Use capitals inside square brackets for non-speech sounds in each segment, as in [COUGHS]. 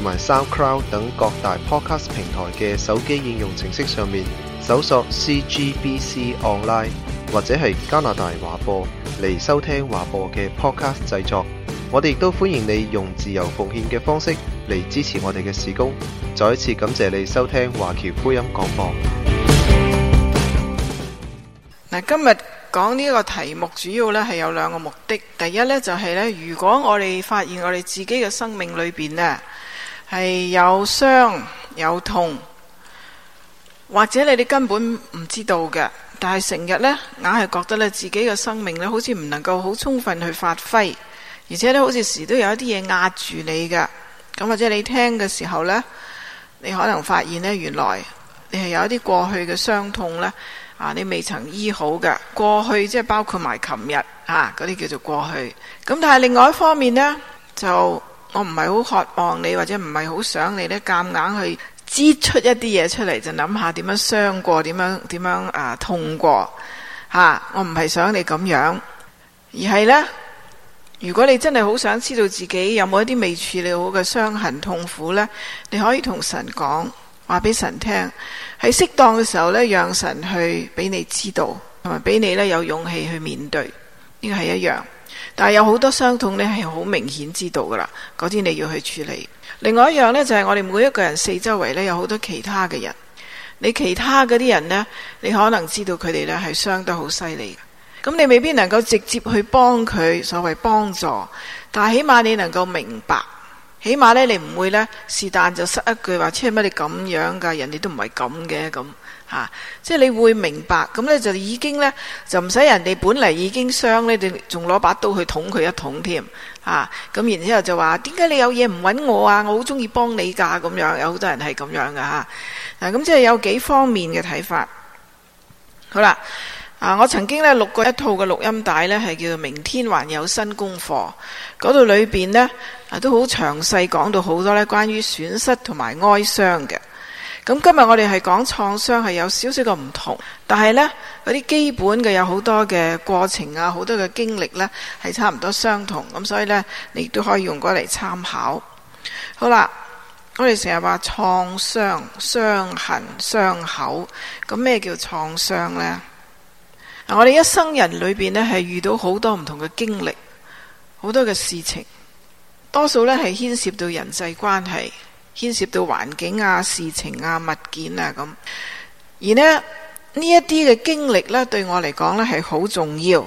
同埋 SoundCloud 等各大 Podcast 平台嘅手機應用程式上面搜索 CGBC Online 或者係加拿大華播嚟收聽華播嘅 Podcast 製作，我哋亦都歡迎你用自由奉獻嘅方式嚟支持我哋嘅事工。再一次感謝你收聽華僑福音廣播。嗱，今日講呢個題目，主要咧係有兩個目的。第一咧就係咧，如果我哋發現我哋自己嘅生命裏邊咧。係有傷有痛，或者你哋根本唔知道嘅，但係成日呢，硬係覺得呢自己嘅生命呢，好似唔能夠好充分去發揮，而且呢，好似時都有一啲嘢壓住你嘅。咁或者你聽嘅時候呢，你可能發現呢，原來你係有一啲過去嘅傷痛呢，啊，你未曾醫好嘅過去，即係包括埋琴日啊嗰啲叫做過去。咁但係另外一方面呢，就。我唔係好渴望你，或者唔係好想你呢，夾硬去支出一啲嘢出嚟，就諗下點樣傷過，點樣點樣啊痛過吓，啊？我唔係想你咁樣，而係呢，如果你真係好想知道自己有冇一啲未處理好嘅傷痕、痛苦呢，你可以同神講，話俾神聽，喺適當嘅時候呢，讓神去俾你知道，同埋俾你呢有勇氣去面對，呢個係一樣。但係有好多傷痛呢，係好明顯知道㗎喇，嗰啲你要去處理。另外一樣呢，就係我哋每一個人四周圍呢，有好多其他嘅人。你其他嗰啲人呢，你可能知道佢哋呢係傷得好犀利嘅。咁你未必能夠直接去幫佢，所謂幫助，但係起碼你能夠明白。起碼呢，你唔會呢，是但就塞一句話，即係乜你咁樣噶，人哋都唔係咁嘅咁吓，即係你會明白，咁呢，就已經呢，就唔使人哋本嚟已經傷咧，仲仲攞把刀去捅佢一捅添吓，咁、啊啊、然之後就話點解你有嘢唔揾我啊？我好中意幫你噶咁樣，有好多人係咁樣噶吓，咁、啊啊、即係有幾方面嘅睇法。好啦，啊我曾經呢，錄過一套嘅錄音帶呢，係叫做《明天還有新功課》，嗰度裏邊呢。啊，都好詳細講到好多咧，關於損失同埋哀傷嘅。咁今日我哋係講創傷，係有少少個唔同，但係呢，嗰啲基本嘅有好多嘅過程啊，好多嘅經歷呢，係差唔多相同。咁所以呢，你都可以用過嚟參考。好啦，我哋成日話創傷、傷痕、傷口，咁咩叫創傷呢？我哋一生人裏邊呢，係遇到好多唔同嘅經歷，好多嘅事情。多數咧係牽涉到人際關係，牽涉到環境啊、事情啊、物件啊咁。而呢，呢一啲嘅經歷呢，對我嚟講呢係好重要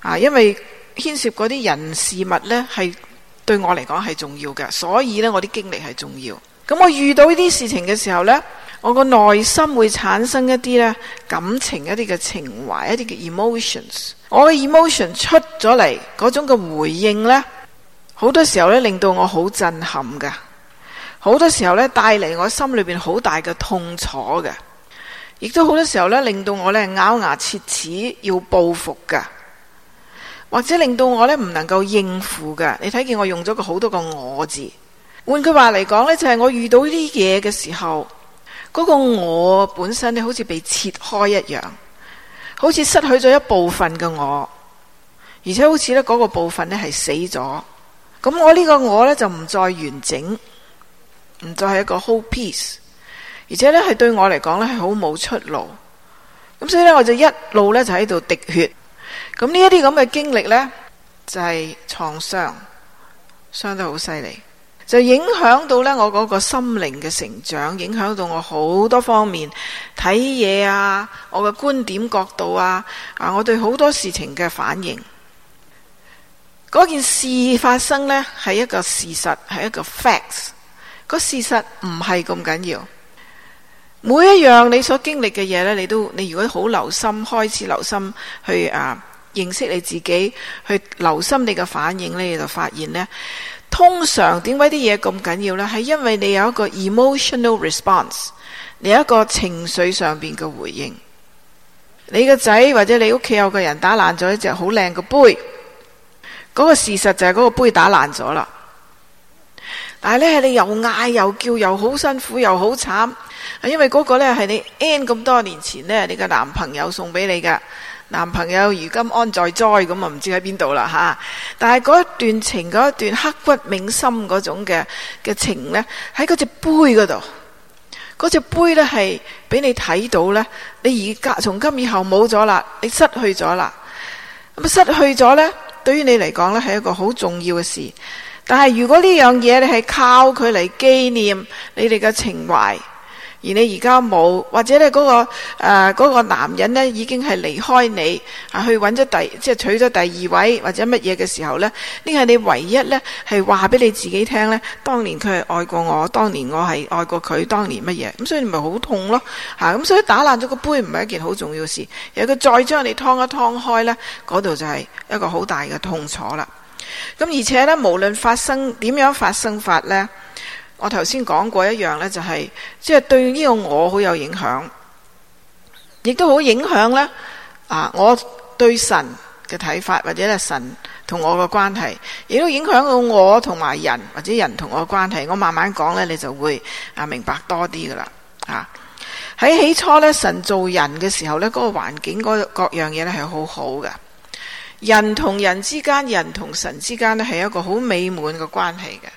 啊，因為牽涉嗰啲人事物呢，係對我嚟講係重要嘅，所以呢，我啲經歷係重要。咁、嗯、我遇到呢啲事情嘅時候呢，我個內心會產生一啲呢感情、一啲嘅情懷、一啲嘅 emotions。我嘅 emotion 出咗嚟嗰種嘅回應呢。好多時候咧，令到我好震撼噶；好多時候咧，帶嚟我心裏邊好大嘅痛楚嘅；亦都好多時候咧，令到我咧咬牙切齒要報復噶；或者令到我咧唔能夠應付噶。你睇見我用咗個好多個我字，換句話嚟講呢，就係我遇到呢啲嘢嘅時候，嗰個我本身呢，好似被切開一樣，好似失去咗一部分嘅我，而且好似呢，嗰個部分呢，係死咗。咁我呢個我呢，就唔再完整，唔再係一個 whole piece，而且呢係對我嚟講呢，係好冇出路，咁所以呢，我就一路呢，就喺度滴血，咁呢一啲咁嘅經歷呢，就係創傷，傷得好犀利，就影響到呢我嗰個心靈嘅成長，影響到我好多方面睇嘢啊，我嘅觀點角度啊，啊我對好多事情嘅反應。嗰件事發生呢，係一個事實，係一個 facts。個事實唔係咁緊要。每一樣你所經歷嘅嘢呢，你都你如果好留心，開始留心去啊認識你自己，去留心你嘅反應呢，你就發現呢，通常點解啲嘢咁緊要呢？係因為你有一個 emotional response，你有一個情緒上邊嘅回應。你個仔或者你屋企有個人打爛咗一隻好靚嘅杯。嗰個事實就係嗰個杯打爛咗啦，但係呢，你又嗌又叫，又好辛苦又好慘，因為嗰個呢，係你 N 咁多年前呢，你個男朋友送俾你噶，男朋友如今安在哉咁啊，唔知喺邊度啦吓，但係嗰一段情，嗰一段刻骨銘心嗰種嘅嘅情呢，喺嗰隻杯嗰度，嗰隻杯呢，係俾你睇到呢，你而家從今以後冇咗啦，你失去咗啦，咁啊失去咗呢？對於你嚟講呢係一個好重要嘅事。但係如果呢樣嘢你係靠佢嚟紀念你哋嘅情懷。而你而家冇，或者咧、那、嗰個誒、呃那個男人呢已經係離開你，吓、啊、去揾咗第即係娶咗第二位或者乜嘢嘅時候呢，呢個係你唯一呢係話俾你自己聽呢，當年佢係愛過我，當年我係愛過佢，當年乜嘢，咁、嗯、所以咪好痛咯，吓、啊、咁、嗯、所以打爛咗個杯唔係一件好重要嘅事，而佢再將你劏一劏開呢，嗰度就係一個好大嘅痛楚啦。咁、嗯、而且呢，無論發生點樣發生法呢。我頭先講過一樣呢，就係即係對呢個我好有影響，亦都好影響呢啊！我對神嘅睇法，或者咧神同我嘅關係，亦都影響到我同埋人或者人同我嘅關係。我慢慢講呢，你就會啊明白多啲噶啦，吓、啊！喺起初呢神造人嘅時候呢嗰、嗰個環境嗰各樣嘢咧係好好嘅，人同人之間、人同神之間咧係一個好美滿嘅關係嘅。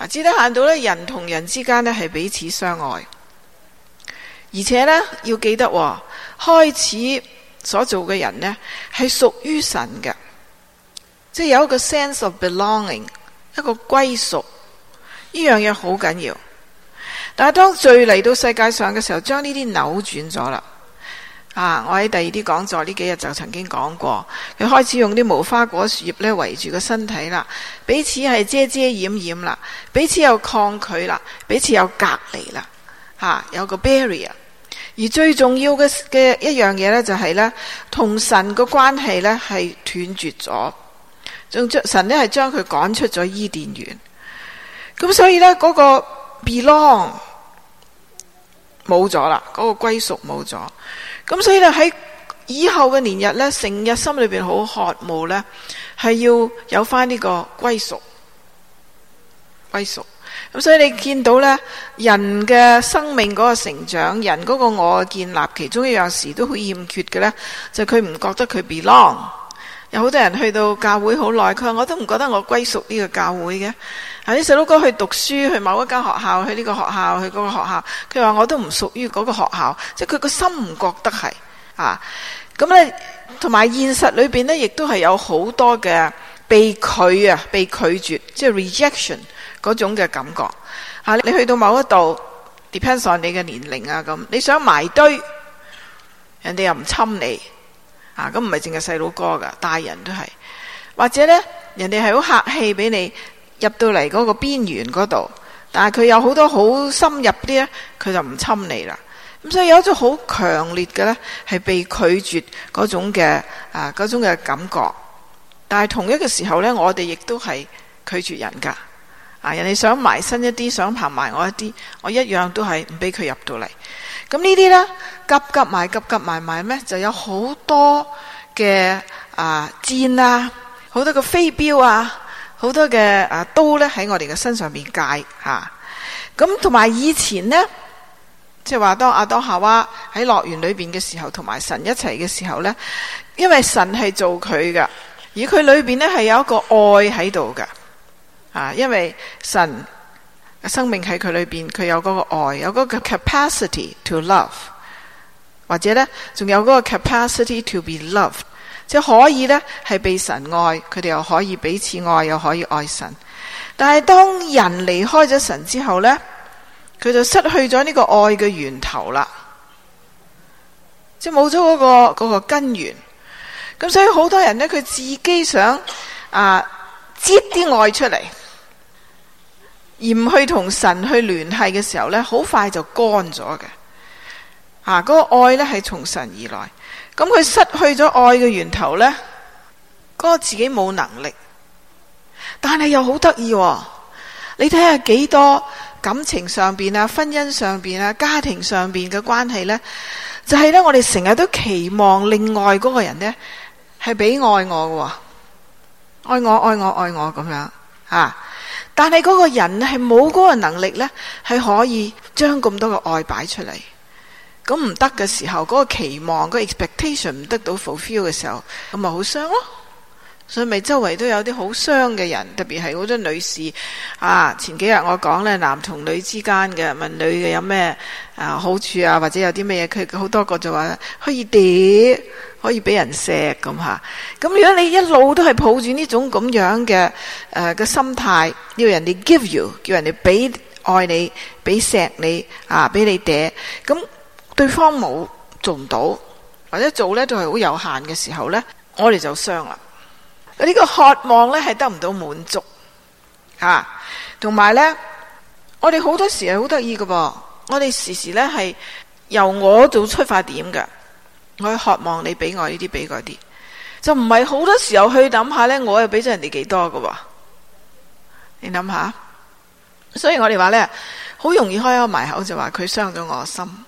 嗱，只得限到咧，人同人之間咧係彼此相愛，而且咧要記得、哦，開始所做嘅人咧係屬於神嘅，即係有一個 sense of belonging，一個歸屬，呢樣嘢好緊要。但係當罪嚟到世界上嘅時候，將呢啲扭轉咗啦。啊！我喺第二啲講座呢幾日就曾經講過，佢開始用啲無花果樹葉咧圍住個身體啦，彼此係遮遮掩掩啦，彼此又抗拒啦，彼此又隔離啦，吓、啊、有個 barrier。而最重要嘅嘅一樣嘢呢，就係、呢係呢，同神嘅關係呢係斷絕咗，仲將神呢係將佢趕出咗伊甸園。咁、啊、所以呢，嗰、嗰個 belong 冇咗啦，嗰、嗰個歸屬冇咗。咁所以咧喺以後嘅年日呢，成日心裏邊好渴慕呢，係要有翻呢個歸屬、歸屬。咁所以你見到呢，人嘅生命嗰個成長，人嗰個我嘅建立，其中一樣事都好欠缺嘅呢，就係佢唔覺得佢 belong。有好多人去到教會好耐，佢話我都唔覺得我歸屬呢個教會嘅。啲細佬哥去讀書，去某一間學校，去呢個學校，去嗰個學校。佢話我都唔屬於嗰個學校，即係佢個心唔覺得係啊。咁咧，同埋現實裏邊咧，亦都係有好多嘅被拒啊，被拒絕，即係 rejection 嗰種嘅感覺啊。你去到某一度，depends on 你嘅年齡啊，咁你想埋堆，人哋又唔侵你啊。咁唔係淨係細佬哥噶，大人都係，或者咧，人哋係好客氣俾你。入到嚟嗰個邊緣嗰度，但係佢有好多好深入啲咧，佢就唔侵你啦。咁所以有一種好強烈嘅咧，係被拒絕嗰種嘅啊，嗰種嘅感覺。但係同一個時候咧，我哋亦都係拒絕人噶。啊，人哋想埋身一啲，想爬埋我一啲，我一樣都係唔俾佢入到嚟。咁呢啲咧，急急埋急急埋埋咪就有好多嘅啊箭啊，好多個飛鏢啊。好多嘅啊刀咧喺我哋嘅身上邊戒吓，咁同埋以前呢，即係話當阿當夏娃喺樂園裏邊嘅時候，同埋神一齊嘅時候呢，因為神係做佢噶，而佢裏邊呢，係有一個愛喺度噶，啊，因為神生命喺佢裏邊，佢有嗰個愛，有嗰個 capacity to love，或者呢仲有個 capacity to be loved。即可以呢，係被神愛，佢哋又可以彼此愛，又可以愛神。但係當人離開咗神之後呢，佢就失去咗呢個愛嘅源頭啦，即冇咗嗰個、嗰個根源。咁所以好多人呢，佢自己想啊，接啲愛出嚟，而唔去同神去聯繫嘅時候呢，好快就乾咗嘅。啊，嗰、嗰個愛呢，係從神而來。咁佢失去咗愛嘅源頭呢，嗰、嗰個自己冇能力，但係又好得意。你睇下幾多感情上邊啊、婚姻上邊啊、家庭上邊嘅關係呢，就係、係、呢。我哋成日都期望另外嗰個人呢，係俾愛我嘅、哦，愛我愛我愛我咁樣啊！但係嗰個人係冇嗰個能力呢，係可以將咁多嘅愛擺出嚟。咁唔得嘅時候，嗰個期望，嗰個 expectation 唔得到 fulfill 嘅時候，咁咪好傷咯。所以咪周圍都有啲好傷嘅人，特別係好多女士啊。前幾日我講咧，男同女之間嘅問女嘅有咩啊好處啊，或者有啲咩嘢，佢好多個就話可以嗲，可以俾人錫咁吓。咁如果你一路都係抱住呢種咁樣嘅誒嘅心態，要人哋 give you，叫人哋俾愛你，俾錫你啊，俾你嗲咁。對方冇做唔到，或者做呢都係好有限嘅時候呢，我哋就傷啦。呢、這個渴望呢係得唔到滿足吓，同、啊、埋呢，我哋好多時係好得意嘅噃。我哋時時呢係由我做出發點嘅，我渴望你俾我呢啲俾嗰啲，就唔係好多時候去諗下呢，我又俾咗人哋幾多嘅、哦。你諗下，所以我哋話呢，好容易開開埋口就話佢傷咗我心。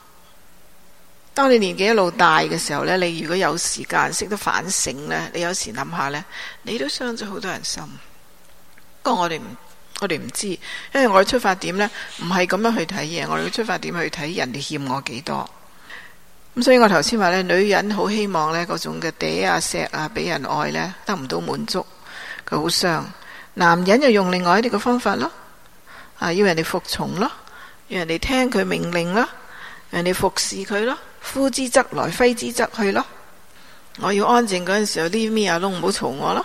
當你年紀一路大嘅時候呢，你如果有時間識得反省呢，你有時諗下呢，你都傷咗好多人心。不過我哋唔，我哋唔知，因為我嘅出發點呢，唔係咁樣去睇嘢，我哋嘅出發點去睇人哋欠我幾多。咁、嗯、所以我頭先話呢，女人好希望呢嗰種嘅嗲啊、錫啊，俾人愛呢，得唔到滿足，佢好傷。男人就用另外一啲嘅方法咯，啊，要人哋服從咯，要人哋聽佢命令咯，人哋服侍佢咯。呼之則來，揮之則去咯。我要安靜嗰陣時候，有啲咩啊都唔好嘈我咯。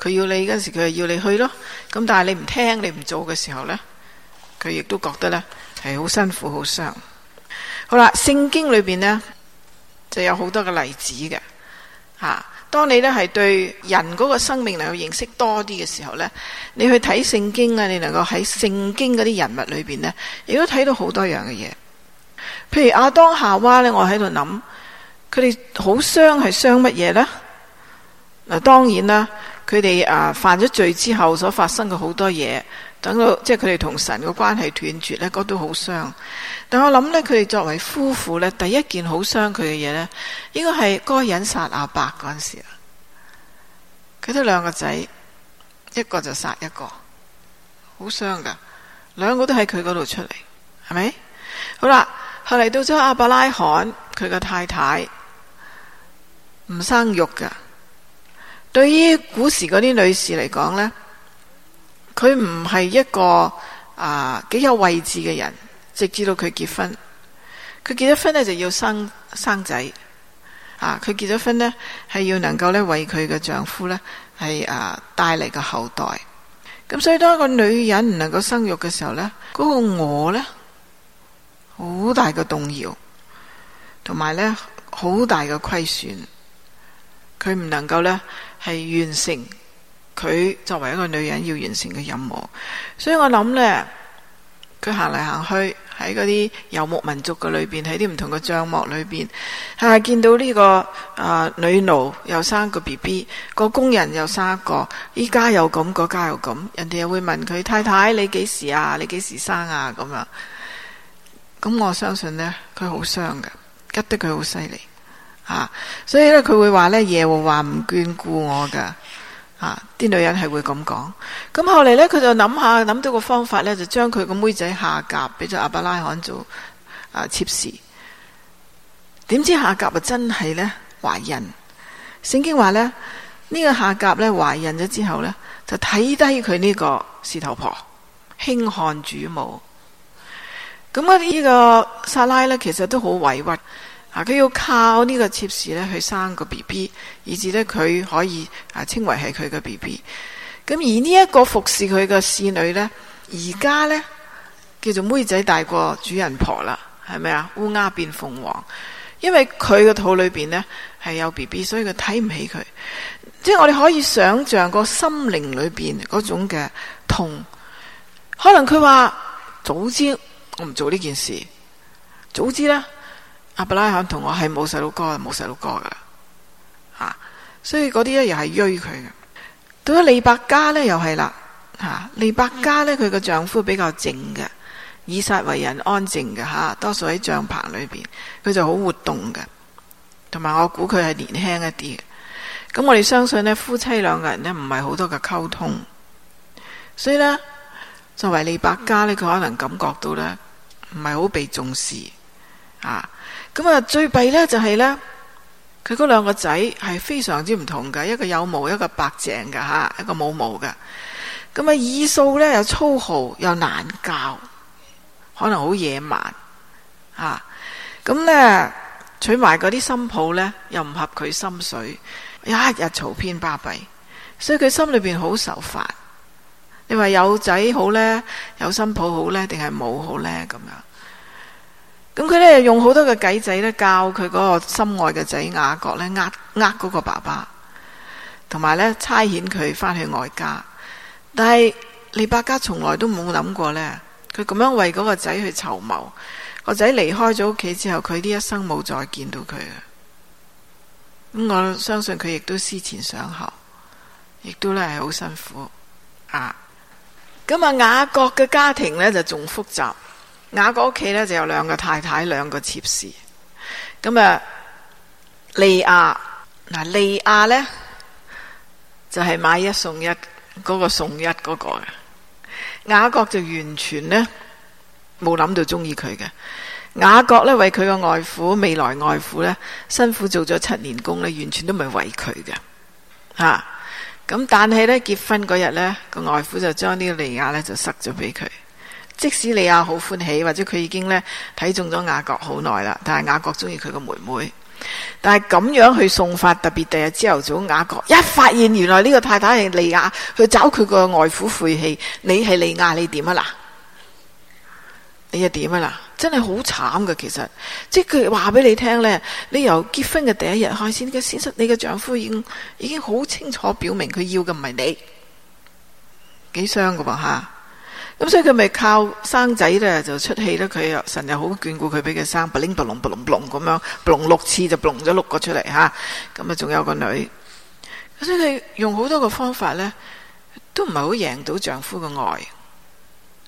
佢要你嗰陣時，佢就要你去咯。咁但係你唔聽，你唔做嘅時候呢，佢亦都覺得呢係好辛苦，好傷。好啦，聖經裏邊呢就有好多嘅例子嘅吓。啊，當你呢係對人嗰個生命嚟去認識多啲嘅時候呢，你去睇聖經啊，你能夠喺聖經嗰啲人物裏邊呢，亦都睇到好多樣嘅嘢。譬如亞當夏娃呢，我喺度諗，佢哋好傷係傷乜嘢呢？嗱，當然啦，佢哋啊犯咗罪之後所發生嘅好多嘢，等到即係佢哋同神嘅關係斷絕呢，嗰、那個、都好傷。但我諗呢，佢哋作為夫婦呢，第一件好傷佢嘅嘢呢，應該係該隱殺亞伯嗰陣時啊，佢得兩個仔，一個就殺一個，好傷噶，兩個都喺佢嗰度出嚟，係咪？好啦。後嚟到咗亞伯拉罕，佢個太太唔生育噶。對於古時嗰啲女士嚟講呢，佢唔係一個啊幾、呃、有位置嘅人，直至到佢結婚，佢結咗婚呢，就要生生仔。啊，佢結咗婚呢，係要能夠呢為佢嘅丈夫呢係啊帶嚟個後代。咁所以當一個女人唔能夠生育嘅時候呢，嗰、嗰個我呢。好大嘅動搖，同埋呢，好大嘅虧損，佢唔能夠呢，係完成佢作為一個女人要完成嘅任務。所以我諗呢，佢行嚟行去喺嗰啲遊牧民族嘅裏邊，喺啲唔同嘅帳幕裏邊，係見到呢、這個啊、呃、女奴又生個 B B，個工人又生一個，依、那個、家又咁，嗰家又咁，人哋又會問佢太太，你幾時啊？你幾時生啊？咁樣。咁我相信呢，佢好傷嘅，吉得佢好犀利啊！所以呢，佢會話呢：「耶和華唔眷顧我噶啊！」啲女人係會咁講。咁、啊、後嚟呢，佢就諗下諗到個方法呢，就將佢個妹仔下甲俾咗阿伯拉罕做啊妾侍。點知下甲啊真係呢懷孕？聖經話呢、呢、這個下甲咧懷孕咗之後呢，就睇低佢呢個石頭婆，輕看主母。咁我呢個撒拉咧，其實都好委屈啊！佢要靠呢個妾侍咧去生個 B B，以至呢，佢可以啊稱為係佢嘅 B B。咁而呢一個服侍佢嘅侍女呢，而家呢，叫做妹仔大過主人婆啦，係咪啊？烏鴉變鳳凰，因為佢嘅肚裏邊呢係有 B B，所以佢睇唔起佢。即係我哋可以想象個心靈裏邊嗰種嘅痛，可能佢話早知。我唔做呢件事，早知呢，阿伯拉罕同我係冇細佬哥，冇細佬哥噶，吓、啊，所以嗰啲咧又係追佢嘅。咁啊，利伯家呢，又係啦，吓、啊，利伯家呢，佢個丈夫比較靜嘅，以撒為人安靜嘅，吓，多數喺帳篷裏邊，佢就好活動嘅，同埋我估佢係年輕一啲嘅。咁我哋相信呢，夫妻兩個人呢，唔係好多嘅溝通，所以呢，作為利伯家呢，佢可能感覺到呢。唔係好被重視啊！咁啊，最弊呢就係呢，佢嗰兩個仔係非常之唔同嘅，一個有毛，一個白淨嘅吓，一個冇毛嘅。咁啊，二數呢又粗豪，又難教，可能好野蠻啊！咁呢，娶埋嗰啲新抱呢，又唔合佢心水，一日嘈偏巴閉，所以佢心裏邊好受煩。你話有仔好呢？有新抱好呢？定係冇好呢？咁樣？咁佢呢，用好多嘅計仔咧教佢嗰個心愛嘅仔雅各呢，呃呃嗰個爸爸，同埋呢，差遣佢返去外家。但係利百加從來都冇諗過呢，佢咁樣為嗰個仔去籌謀。個仔離開咗屋企之後，佢呢一生冇再見到佢嘅。咁我相信佢亦都思前想後，亦都咧係好辛苦啊！咁啊、嗯，雅各嘅家庭呢就仲複雜。雅各屋企呢就有兩個太太，兩個妾侍。咁、嗯、啊，利亞嗱利亞呢就係、是、買一送一嗰、那個送一嗰、那個嘅。雅各就完全呢冇諗到中意佢嘅。雅各呢為佢個外父、未來外父呢辛苦做咗七年工呢完全都唔係為佢嘅，吓、啊。咁但係咧結婚嗰日呢，個外父就將呢個利亞呢就塞咗俾佢。即使利亞好歡喜，或者佢已經呢睇中咗雅各好耐啦，但係雅各中意佢個妹妹。但係咁樣去送法特別，特別第二朝頭早，雅各一發現原來呢個太太係利亞，去找佢個外父，晦氣！你係利亞，你點啊啦？你又點啊啦？真係好慘噶，其實即係佢話俾你聽呢，你由結婚嘅第一日開始，嘅先生，你嘅丈夫已經已經好清楚表明佢要嘅唔係你，幾傷噶噃吓。咁所以佢咪靠生仔呢，就出氣咧。佢又成日好眷顧佢，俾佢生，不靈不龍不龍不龍咁樣，不龍六次就不龍咗六個出嚟吓。咁啊，仲有個女，所以佢用好多個方法呢，都唔係好贏到丈夫嘅愛。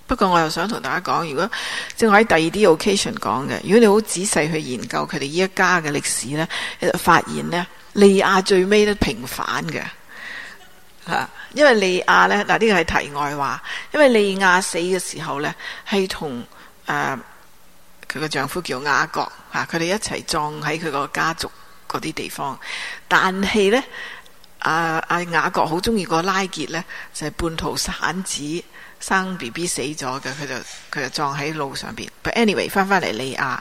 不過，我又想同大家講，如果即我喺第二啲 occasion 講嘅，如果你好仔細去研究佢哋呢一家嘅歷史咧，你就發現呢，利亞最尾都平反嘅嚇、啊，因為利亞呢，嗱、啊，呢、這個係題外話，因為利亞死嘅時候呢，係同誒佢嘅丈夫叫雅各嚇，佢、啊、哋一齊葬喺佢個家族嗰啲地方，但係呢，阿、啊、阿雅各好中意個拉結呢，就係半途散子。生 B B 死咗嘅，佢就佢就撞喺路上邊。But anyway，翻返嚟利亞，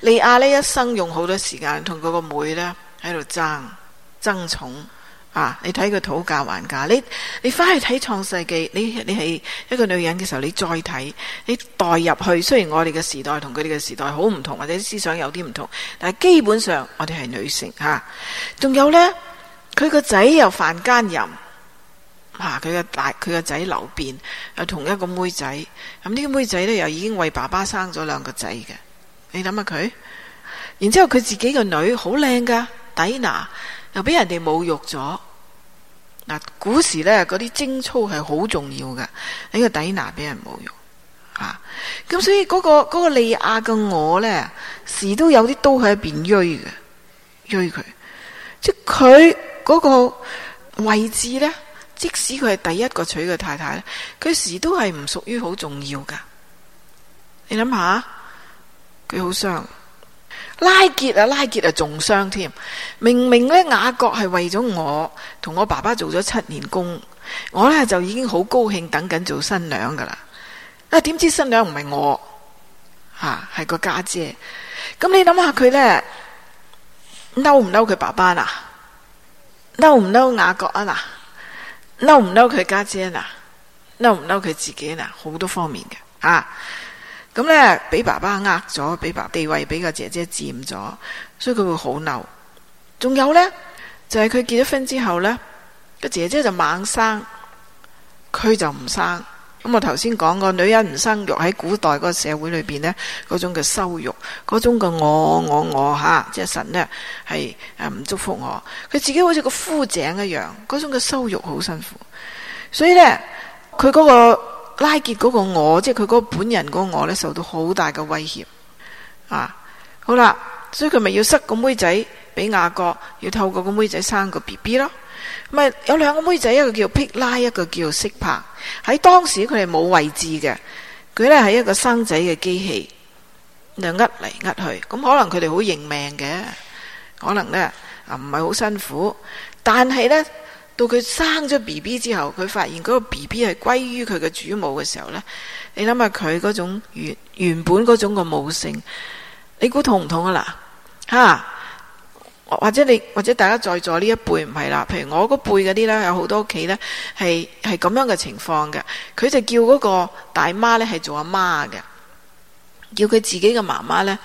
利亞呢一生用好多時間同嗰個妹呢喺度爭爭寵啊！你睇佢討價還價，你你翻去睇創世紀，你你係一個女人嘅時候，你再睇你代入去。雖然我哋嘅時代同佢哋嘅時代好唔同，或者思想有啲唔同，但係基本上我哋係女性吓。仲有呢，佢個仔又犯奸淫。啊！佢個大佢個仔流變，啊，同一個妹仔咁，呢個妹仔呢，又已經為爸爸生咗兩個仔嘅。你諗下佢，然之後佢自己個女好靚噶，底拿又俾人哋侮辱咗嗱、啊。古時呢，嗰啲貞操係好重要嘅。呢、呢個底拿俾人侮辱吓，咁、啊、所以嗰、嗰個、嗰個利亞嘅我呢，時都有啲刀喺入邊，瘀嘅瘀佢即佢嗰個位置呢。.即使佢係第一個娶嘅太太，佢時都係唔屬於好重要噶你諗下，佢好傷，拉杰啊，拉杰啊，仲傷添。明明呢雅各係為咗我同我爸爸做咗七年工，我呢就已經好高興等緊做新娘噶啦。啊，點知新娘唔係我，吓、啊、係個家姐，姐。咁你諗下佢呢嬲唔嬲佢爸爸啊？嬲唔嬲雅各啊？嬲唔嬲佢家姐啊？嬲唔嬲佢自己啊？好多方面嘅啊！咁呢，俾爸爸呃咗，俾爸地位俾個姐姐占咗，所以佢會好嬲。仲有呢，就係、是、佢結咗婚之後呢，個姐姐就猛生，佢就唔生。咁我頭先講個女人唔生育喺古代嗰個社會裏邊呢，嗰種嘅羞辱，嗰種嘅我我我吓，即係神呢，係唔祝福我，佢自己好似個枯井一樣，嗰種嘅羞辱好辛苦。所以呢，佢嗰個拉結嗰個我，即係佢嗰個本人嗰個我呢，受到好大嘅威脅啊！好啦，所以佢咪要塞個妹仔俾雅各，要透過個妹仔生個 BB 咯。咪有兩個妹仔，一個叫辟拉，一個叫悉帕。喺當時佢哋冇位置嘅，佢呢係一個生仔嘅機器，就呃嚟呃去。咁可能佢哋好認命嘅，可能呢，啊唔係好辛苦。但係呢，到佢生咗 B B 之後，佢發現嗰個 B B 係歸於佢嘅主母嘅時候呢，你諗下佢嗰種原原本嗰種個母性，你估痛唔痛啊啦？吓！或者你或者大家在座呢一輩唔係啦，譬如我嗰輩嗰啲呢，有好多屋企呢係係咁樣嘅情況嘅。佢就叫嗰個大媽呢係做阿媽嘅，叫佢自己嘅媽媽呢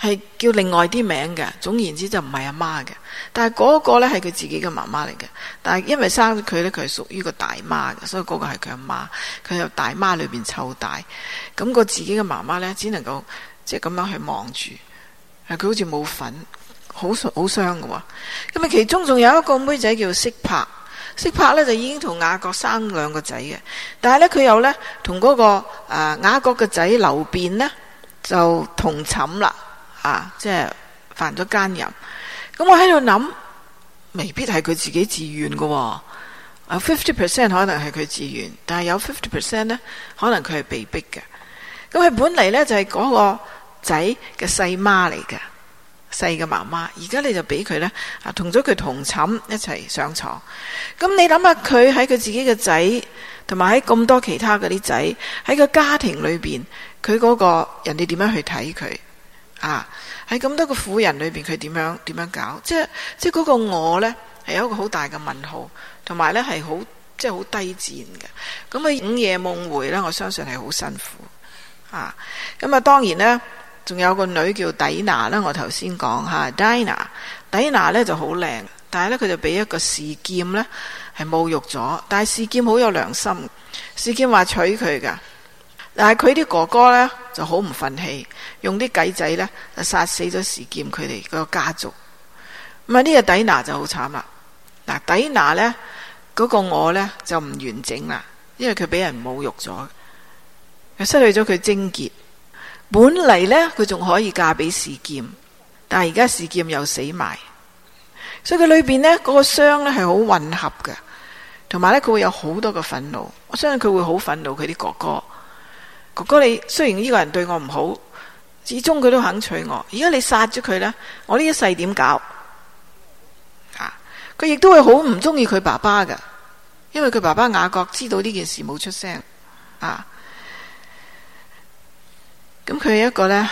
係叫另外啲名嘅。總言之就唔係阿媽嘅，但係嗰個呢係佢自己嘅媽媽嚟嘅。但係因為生佢呢，佢係屬於個大媽嘅，所以嗰個係佢阿媽。佢由大媽裏邊湊大，咁個自己嘅媽媽呢，只能夠即係咁樣去望住，佢好似冇份。好傷好傷噶，咁啊，其中仲有一個妹仔叫悉帕。悉帕呢就已經同雅各生兩個仔嘅，但係呢，佢又呢同嗰、那個誒、呃、雅各嘅仔流便呢就同寢啦，啊，即係犯咗奸淫。咁、嗯、我喺度諗，未必係佢自己自願噶，啊，fifty percent 可能係佢自願，但係有 fifty percent 咧可能佢係被逼嘅。咁、嗯、佢本嚟呢就係、是、嗰個仔嘅細媽嚟噶。細嘅媽媽，而家你就俾佢呢想想他他、那個，啊，同咗佢同寢一齊上床。咁你諗下，佢喺佢自己嘅仔，同埋喺咁多其他嗰啲仔，喺個家庭裏邊，佢嗰個人哋點樣去睇佢？啊，喺咁多個婦人裏邊，佢點樣點樣搞？即係即係嗰個我呢，係有一個好大嘅問號，同埋呢係好即係好低賤嘅。咁佢午夜夢回呢，我相信係好辛苦啊。咁啊，當然呢。仲有個女叫底娜呢，我頭先講吓，Dina 底娜呢就好靚，但係呢，佢就俾一個士劍呢係侮辱咗，但係士劍好有良心，士劍話娶佢噶，但係佢啲哥哥呢就好唔忿氣，用啲計仔呢就殺死咗士劍佢哋個家族，咁啊呢個底娜就好慘啦，嗱底娜呢，嗰個我呢就唔完整啦，因為佢俾人侮辱咗，佢失去咗佢貞潔。本嚟呢，佢仲可以嫁俾示劍，但係而家示劍又死埋，所以佢裏邊呢嗰、個傷呢係好混合嘅，同埋呢，佢會有好多嘅憤怒。我相信佢會好憤怒佢啲哥哥，哥哥你雖然呢個人對我唔好，始終佢都肯娶我。如果你殺咗佢呢，我呢一世點搞？啊，佢亦都會好唔中意佢爸爸㗎，因為佢爸爸雅各知道呢件事冇出聲啊。咁佢係一個呢，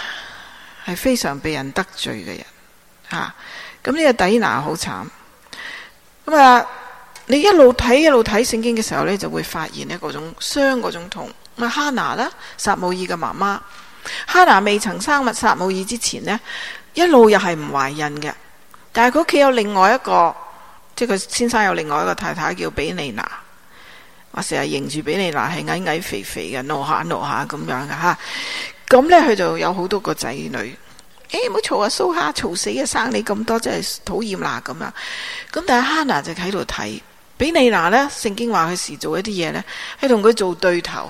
係非常被人得罪嘅人，吓，咁呢個底拿好慘。咁啊，你一路睇一路睇聖經嘅時候呢，就會發現咧嗰種傷、嗰種痛。咁啊，哈拿呢，撒母耳嘅媽媽，哈拿未曾生物撒母耳之前呢，一路又係唔懷孕嘅。但係佢屋企有另外一個，即係佢先生有另外一個太太叫比尼拿。我成日認住比尼拿，係矮矮肥肥嘅，怒下怒下咁樣嘅吓。啊咁呢，佢就有好多個仔女。誒、欸，唔好嘈啊，蘇蝦嘈死啊，生你咁多真係討厭啦咁啊！咁但係哈娜就喺度睇，比利娜呢，聖經話佢時做一啲嘢呢，係同佢做對頭。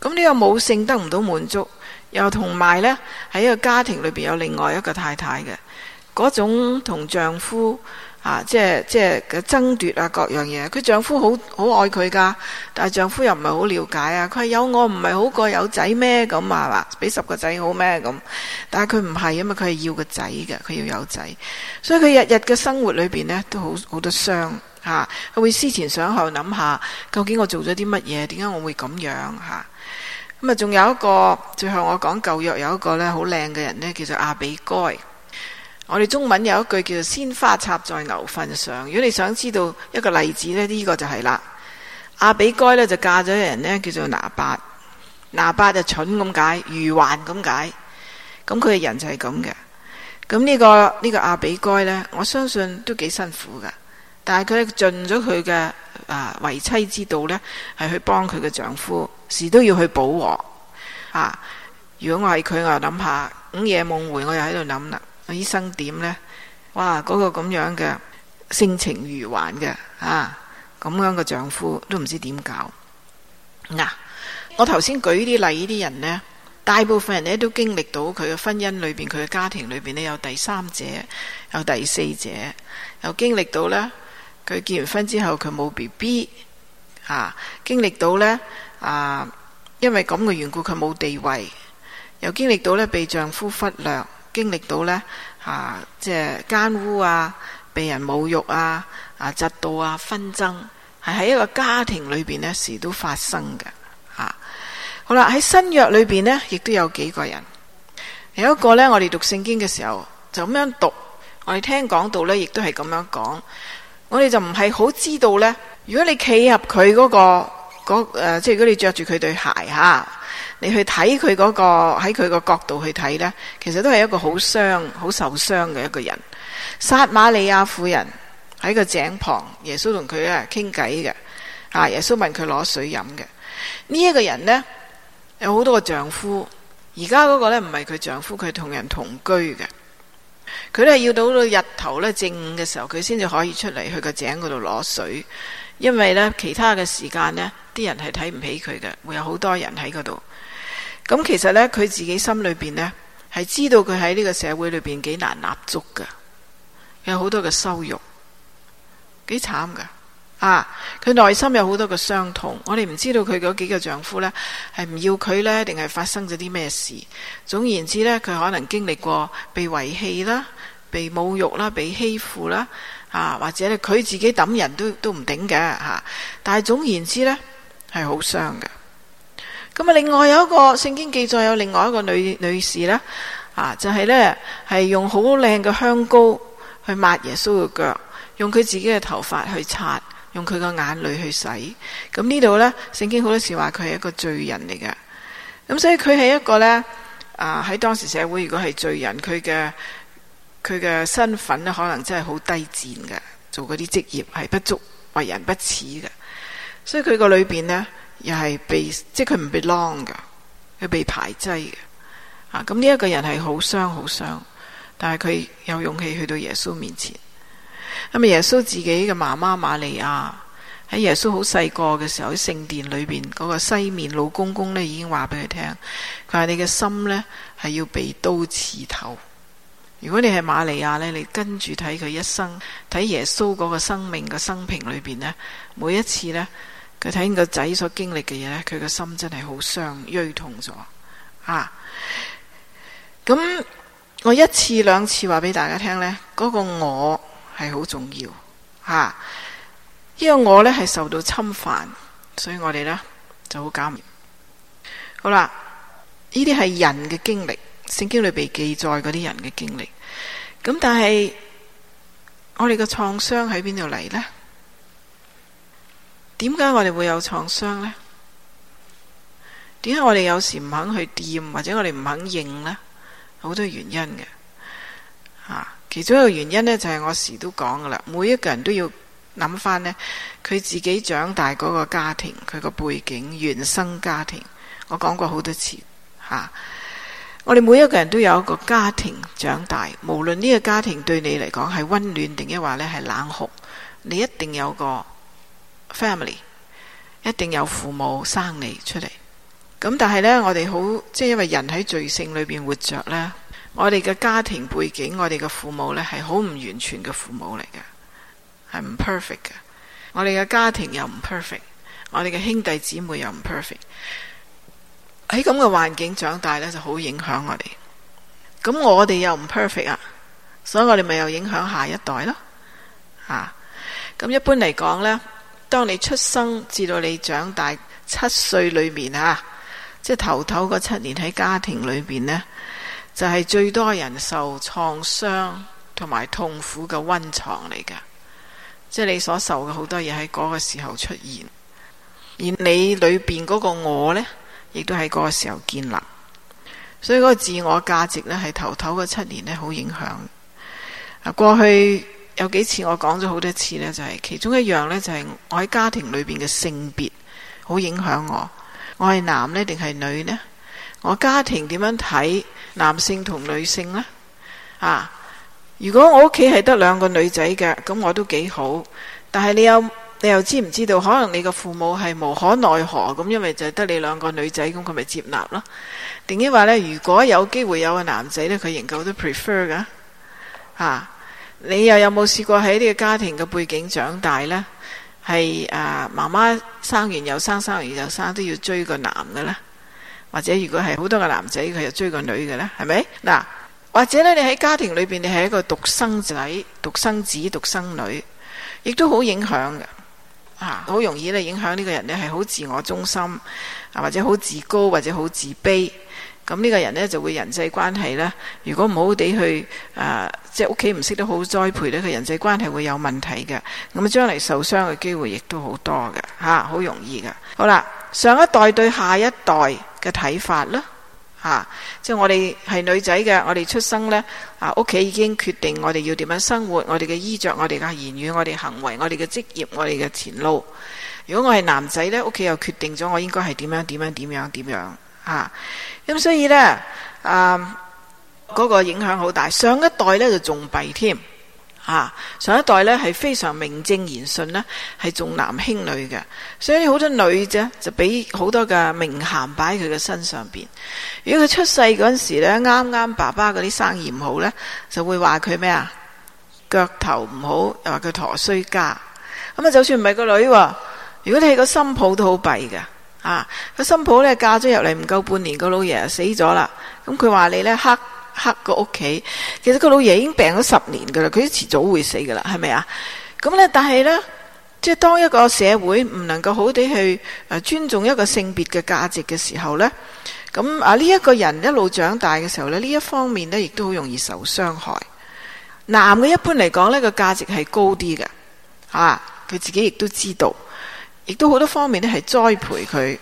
咁呢個母性得唔到滿足，又同埋呢，喺一個家庭裏邊有另外一個太太嘅嗰種同丈夫。啊，即係即係嘅爭奪啊，各樣嘢。佢丈夫好好愛佢噶，但係丈夫又唔係好了解啊。佢係有我唔係好過有仔咩咁啊嘛，比十個仔好咩咁？但係佢唔係因為，佢係要個仔嘅，佢要有仔。所以佢日日嘅生活裏邊呢都好好多傷吓，啊、佢會思前想後諗下，究竟我做咗啲乜嘢？點解我會咁樣吓？咁啊，仲有一個，就向我講舊約有一個呢好靚嘅人呢，叫做亞比該。我哋中文有一句叫做鮮花插在牛糞上。如果你想知道一個例子呢，呢個就係啦。阿比該呢，就嫁咗人呢，叫做拿八、嗯。拿八就蠢咁解，愚頑咁解。咁佢嘅人就係咁嘅。咁呢個呢個阿比該呢，我相信都幾辛苦噶。但係佢盡咗佢嘅啊為妻之道呢，係去幫佢嘅丈夫，事都要去補鑊啊。如果我係佢，我又諗下午夜夢回，我又喺度諗啦。醫生點呢？哇！嗰、那個咁樣嘅性情如幻嘅啊，咁樣嘅丈夫都唔知點搞。嗱、啊，我頭先舉啲例，呢啲人呢，大部分人呢都經歷到佢嘅婚姻裏邊，佢嘅家庭裏邊呢有第三者，有第四者，又經歷到呢，佢結完婚之後佢冇 B B 啊，經歷到呢，啊，因為咁嘅緣故佢冇地位，又經歷到呢，被丈夫忽略。經歷到呢，啊，即係奸污啊，被人侮辱啊，啊，嫉妒啊，紛爭，係喺一個家庭裏邊呢事都發生嘅，啊，好啦，喺新約裏邊呢，亦都有幾個人，有一個呢，我哋讀聖經嘅時候就咁樣讀，我哋聽講道呢，亦都係咁樣講，我哋就唔係好知道呢，如果你企入佢嗰個，誒、那個呃，即係如果你着住佢對鞋吓。你去睇佢嗰個，喺佢個角度去睇呢，其實都係一個好傷、好受傷嘅一個人。撒瑪利亞婦人喺個井旁，耶穌同佢啊傾偈嘅，啊耶穌問佢攞水飲嘅。呢、這、一個人呢，有好多個丈夫，而家嗰個呢，唔係佢丈夫，佢同人同居嘅。佢呢要到到日頭呢，正午嘅時候，佢先至可以出嚟去個井嗰度攞水，因為呢，其他嘅時間呢，啲人係睇唔起佢嘅，會有好多人喺嗰度。咁其實呢，佢自己心裏邊呢，係知道佢喺呢個社會裏邊幾難立足噶，有好多嘅羞辱，幾慘噶啊！佢內心有好多嘅傷痛，我哋唔知道佢嗰幾個丈夫呢，係唔要佢呢，定係發生咗啲咩事？總言之呢，佢可能經歷過被遺棄啦、被侮辱啦、被欺負啦啊，或者佢自己抌人都都唔頂嘅吓，但係總言之呢，係好傷嘅。咁啊，另外有一個聖經記載，有另外一個女女士呢啊，就係、是、呢，係用好靚嘅香膏去抹耶穌嘅腳，用佢自己嘅頭髮去擦，用佢個眼淚去洗。咁呢度呢，聖經好多時話佢係一個罪人嚟嘅。咁、啊、所以佢係一個呢，啊喺當時社會如果係罪人，佢嘅佢嘅身份咧，可能真係好低賤嘅，做嗰啲職業係不足，為人不齒嘅。所以佢個裏邊呢。又係被即係佢唔 belong 噶，佢被排擠嘅。啊，咁呢一個人係好傷好傷，但係佢有勇氣去到耶穌面前。咁、嗯、啊，耶穌自己嘅媽媽瑪利亞喺耶穌好細個嘅時候，喺聖殿裏邊嗰、嗰個西面老公公呢已經話俾佢聽，佢話你嘅心呢係要被刀刺透。如果你係瑪利亞呢，你跟住睇佢一生，睇耶穌嗰個生命嘅、那個、生平裏邊呢，每一次呢。佢睇見個仔所經歷嘅嘢呢，佢個心真係好傷，瘀痛咗啊！咁我一次兩次話俾大家聽呢，嗰個我係好重要啊，因為我呢係受到侵犯，所以我哋呢就好艱難。好啦，呢啲係人嘅經歷，聖經裏被記載嗰啲人嘅經歷。咁但係我哋嘅創傷喺邊度嚟呢？點解我哋會有創傷呢？點解我哋有時唔肯去掂或者我哋唔肯認呢？好多原因嘅，吓、啊，其中一個原因呢，就係、是、我時都講噶啦，每一個人都要諗翻呢，佢自己長大嗰個家庭，佢個背景、原生家庭，我講過好多次，吓、啊，我哋每一個人都有一個家庭長大，無論呢個家庭對你嚟講係溫暖定抑或呢係冷酷，你一定有個。family 一定有父母生你出嚟，咁但係呢，我哋好即係因為人喺罪性裏邊活着呢。我哋嘅家庭背景，我哋嘅父母呢係好唔完全嘅父母嚟嘅，係唔 perfect 嘅。我哋嘅家庭又唔 perfect，我哋嘅兄弟姊妹又唔 perfect。喺咁嘅環境長大呢就好影響我哋，咁我哋又唔 perfect 啊，所以我哋咪又影響下一代咯。啊，咁一般嚟講呢。當你出生至到你長大七歲裏面，啊，即係頭頭嗰七年喺家庭裏邊呢就係、是、最多人受創傷同埋痛苦嘅溫床嚟噶。即係你所受嘅好多嘢喺嗰個時候出現，而你裏邊嗰個我呢亦都喺嗰個時候建立，所以嗰個自我價值呢，係頭頭嗰七年呢好影響、啊、過去。有幾次我講咗好多次呢，就係其中一樣呢，就係我喺家庭裏邊嘅性別好影響我。我係男呢定係女呢？我家庭點樣睇男性同女性呢？啊，如果我屋企係得兩個女仔嘅，咁我都幾好。但係你有你又知唔知道？可能你嘅父母係無可奈何咁，因為就得你兩個女仔，咁佢咪接納咯。定抑話呢，如果有機會有個男仔呢，佢仍舊都 prefer 噶啊！你又有冇試過喺呢個家庭嘅背景長大呢？係啊，媽媽生完又生，生完又生，都要追個男嘅呢？或者如果係好多個男仔，佢又追個女嘅呢？係咪？嗱，或者呢，你喺家庭裏邊，你係一個獨生仔、獨生子、獨生女，亦都好影響嘅。吓、啊，好容易咧影響呢個人咧，係好自我中心啊，或者好自高，或者好自卑。咁呢個人呢，就會人際關係啦。如果唔好地去啊、呃，即係屋企唔識得好栽培呢，佢人際關係會有問題嘅。咁啊，將來受傷嘅機會亦都好多嘅，吓、啊、好容易㗎。好啦，上一代對下一代嘅睇法啦，吓即係我哋係女仔嘅，我哋出生呢，啊，屋企、啊、已經決定我哋要點樣生活，我哋嘅衣着，我哋嘅言語，我哋行為，我哋嘅職業，我哋嘅前路。如果我係男仔呢，屋企又決定咗我應該係點樣點樣點樣點樣吓。啊咁、嗯、所以呢，啊，嗰、那個影響好大。上一代呢，就仲弊添，吓、啊、上一代呢，係非常名正言順，呢係重男輕女嘅。所以好多女仔就俾好多嘅名銜擺佢嘅身上邊。如果佢出世嗰時呢，啱啱爸爸嗰啲生意唔好呢，就會話佢咩啊？腳頭唔好，又話佢陀衰家。咁啊，就算唔係個女，如果你係個心抱都好弊噶。啊！個新抱咧，嫁咗入嚟唔夠半年，個老爺死咗啦。咁佢話你咧，黑黑個屋企，其實個老爺已經病咗十年噶啦，佢遲早會死噶啦，係咪啊？咁咧，但係呢，即係當一個社會唔能夠好地去誒、呃、尊重一個性別嘅價值嘅時候呢，咁、嗯、啊，呢一個人一路長大嘅時候呢，呢一方面呢亦都好容易受傷害。男嘅一般嚟講，呢個價值係高啲嘅，啊，佢自己亦都知道。亦都好多方面呢係栽培佢，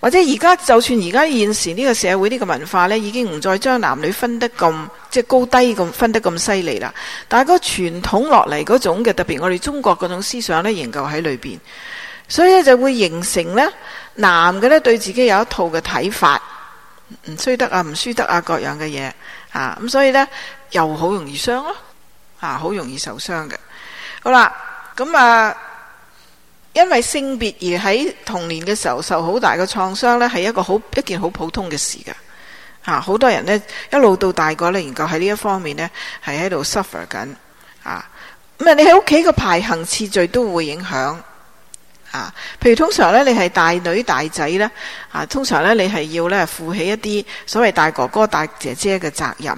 或者而家就算而家現時呢個社會呢個文化呢，已經唔再將男女分得咁即係高低咁分得咁犀利啦。但係個傳統落嚟嗰種嘅，特別我哋中國嗰種思想呢，仍舊喺裏邊，所以呢就會形成呢男嘅呢對自己有一套嘅睇法，唔衰得啊，唔輸得啊，各樣嘅嘢啊，咁所以呢又好容易傷咯，啊，好容易受傷嘅。好啦，咁啊。因為性別而喺童年嘅時候受好大嘅創傷呢係一個好一件好普通嘅事㗎。啊，好多人呢一路到大個呢研究喺呢一方面呢係喺度 suffer 緊啊。咁啊，你喺屋企嘅排行次序都會影響啊。譬如通常呢你係大女大仔呢，啊，通常呢你係要呢負起一啲所謂大哥哥大姐姐嘅責任，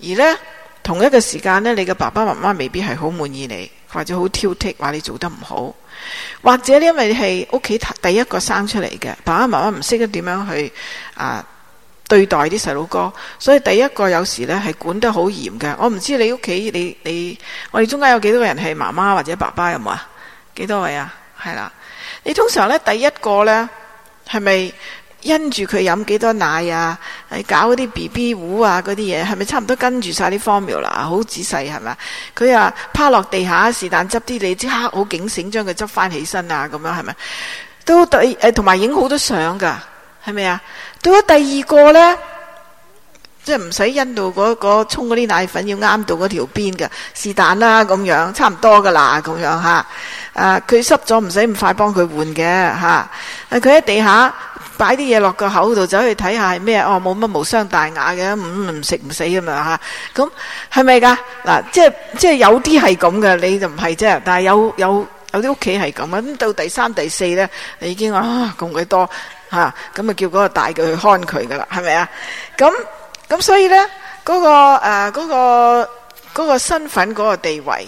而呢同一個時間呢，你嘅爸爸媽媽未必係好滿意你，或者好挑剔，話你做得唔好。或者因為你係屋企第一個生出嚟嘅，爸爸媽媽唔識得點樣去啊、呃、對待啲細路哥，所以第一個有時呢係管得好嚴嘅。我唔知你屋企你你，我哋中間有幾多個人係媽媽或者爸爸有冇啊？幾多位啊？係啦，你通常呢第一個呢係咪？是因住佢飲幾多奶啊？係搞嗰啲 BB 壺啊嗰啲嘢，係咪差唔多跟住晒啲 formula？好仔細係咪？佢啊趴落地下，是但執啲你即刻好警醒，將佢執翻起身啊！咁樣係咪？都對誒，同埋影好多相㗎，係咪啊？到咗第二個呢，即係唔使因到嗰、嗰個沖嗰啲奶粉要啱到嗰條邊嘅，是但啦咁樣，差唔多㗎啦咁樣吓，誒、啊、佢濕咗唔使咁快幫佢換嘅吓，佢、啊、喺地下。擺啲嘢落個口度，走去睇下係咩？哦，冇乜無傷大雅嘅，唔唔食唔死咁樣嚇！咁係咪噶？嗱，即係即係有啲係咁嘅，你就唔係啫。但係有有有啲屋企係咁，咁到第三第四咧，你已經話咁鬼多嚇，咁啊叫嗰個大佢去看佢噶啦，係咪啊？咁咁所以咧，嗰個誒嗰個嗰個身份嗰個地位。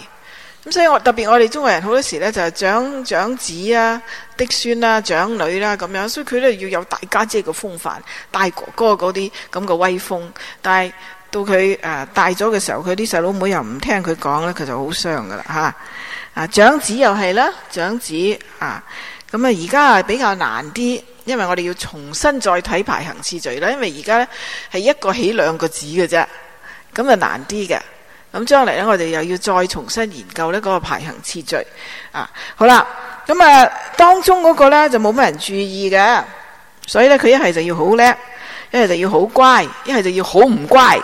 咁所以我，我特別我哋中國人好多時咧，就係長長子啊、嫡孫啦、啊、長女啦、啊、咁樣，所以佢都要有大家姐嘅風範，大哥哥嗰啲咁嘅威風。但係到佢誒大咗嘅時候，佢啲細佬妹又唔聽佢講咧，佢就好傷噶啦嚇。啊，長子又係啦，長子啊，咁啊而家係比較難啲，因為我哋要重新再睇排行次序啦，因為而家咧係一個起兩個子嘅啫，咁啊難啲嘅。咁將來呢，我哋又要再重新研究呢嗰個排行次序啊！好啦，咁啊當中嗰個呢，就冇乜人注意嘅，所以呢，佢一係就要好叻，一係就要好乖，一係就要好唔乖，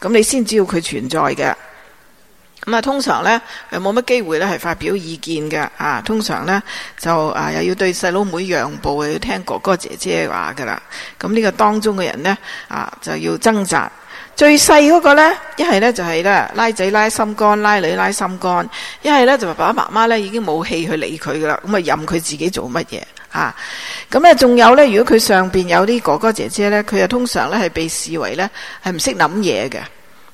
咁你先知道佢存在嘅。咁啊，通常呢，冇乜機會呢係發表意見嘅啊，通常呢，就啊又要對細佬妹讓步，又要聽哥哥姐姐話噶啦。咁、啊、呢、呢個當中嘅人呢，啊，就要掙扎。最細嗰個呢，一係呢就係呢拉仔拉心肝，拉女拉心肝。一係呢就爸爸媽媽呢已經冇氣去理佢噶啦，咁啊任佢自己做乜嘢吓。咁呢仲有呢，如果佢上邊有啲哥哥姐姐呢，佢又通常呢係被視為呢係唔識諗嘢嘅，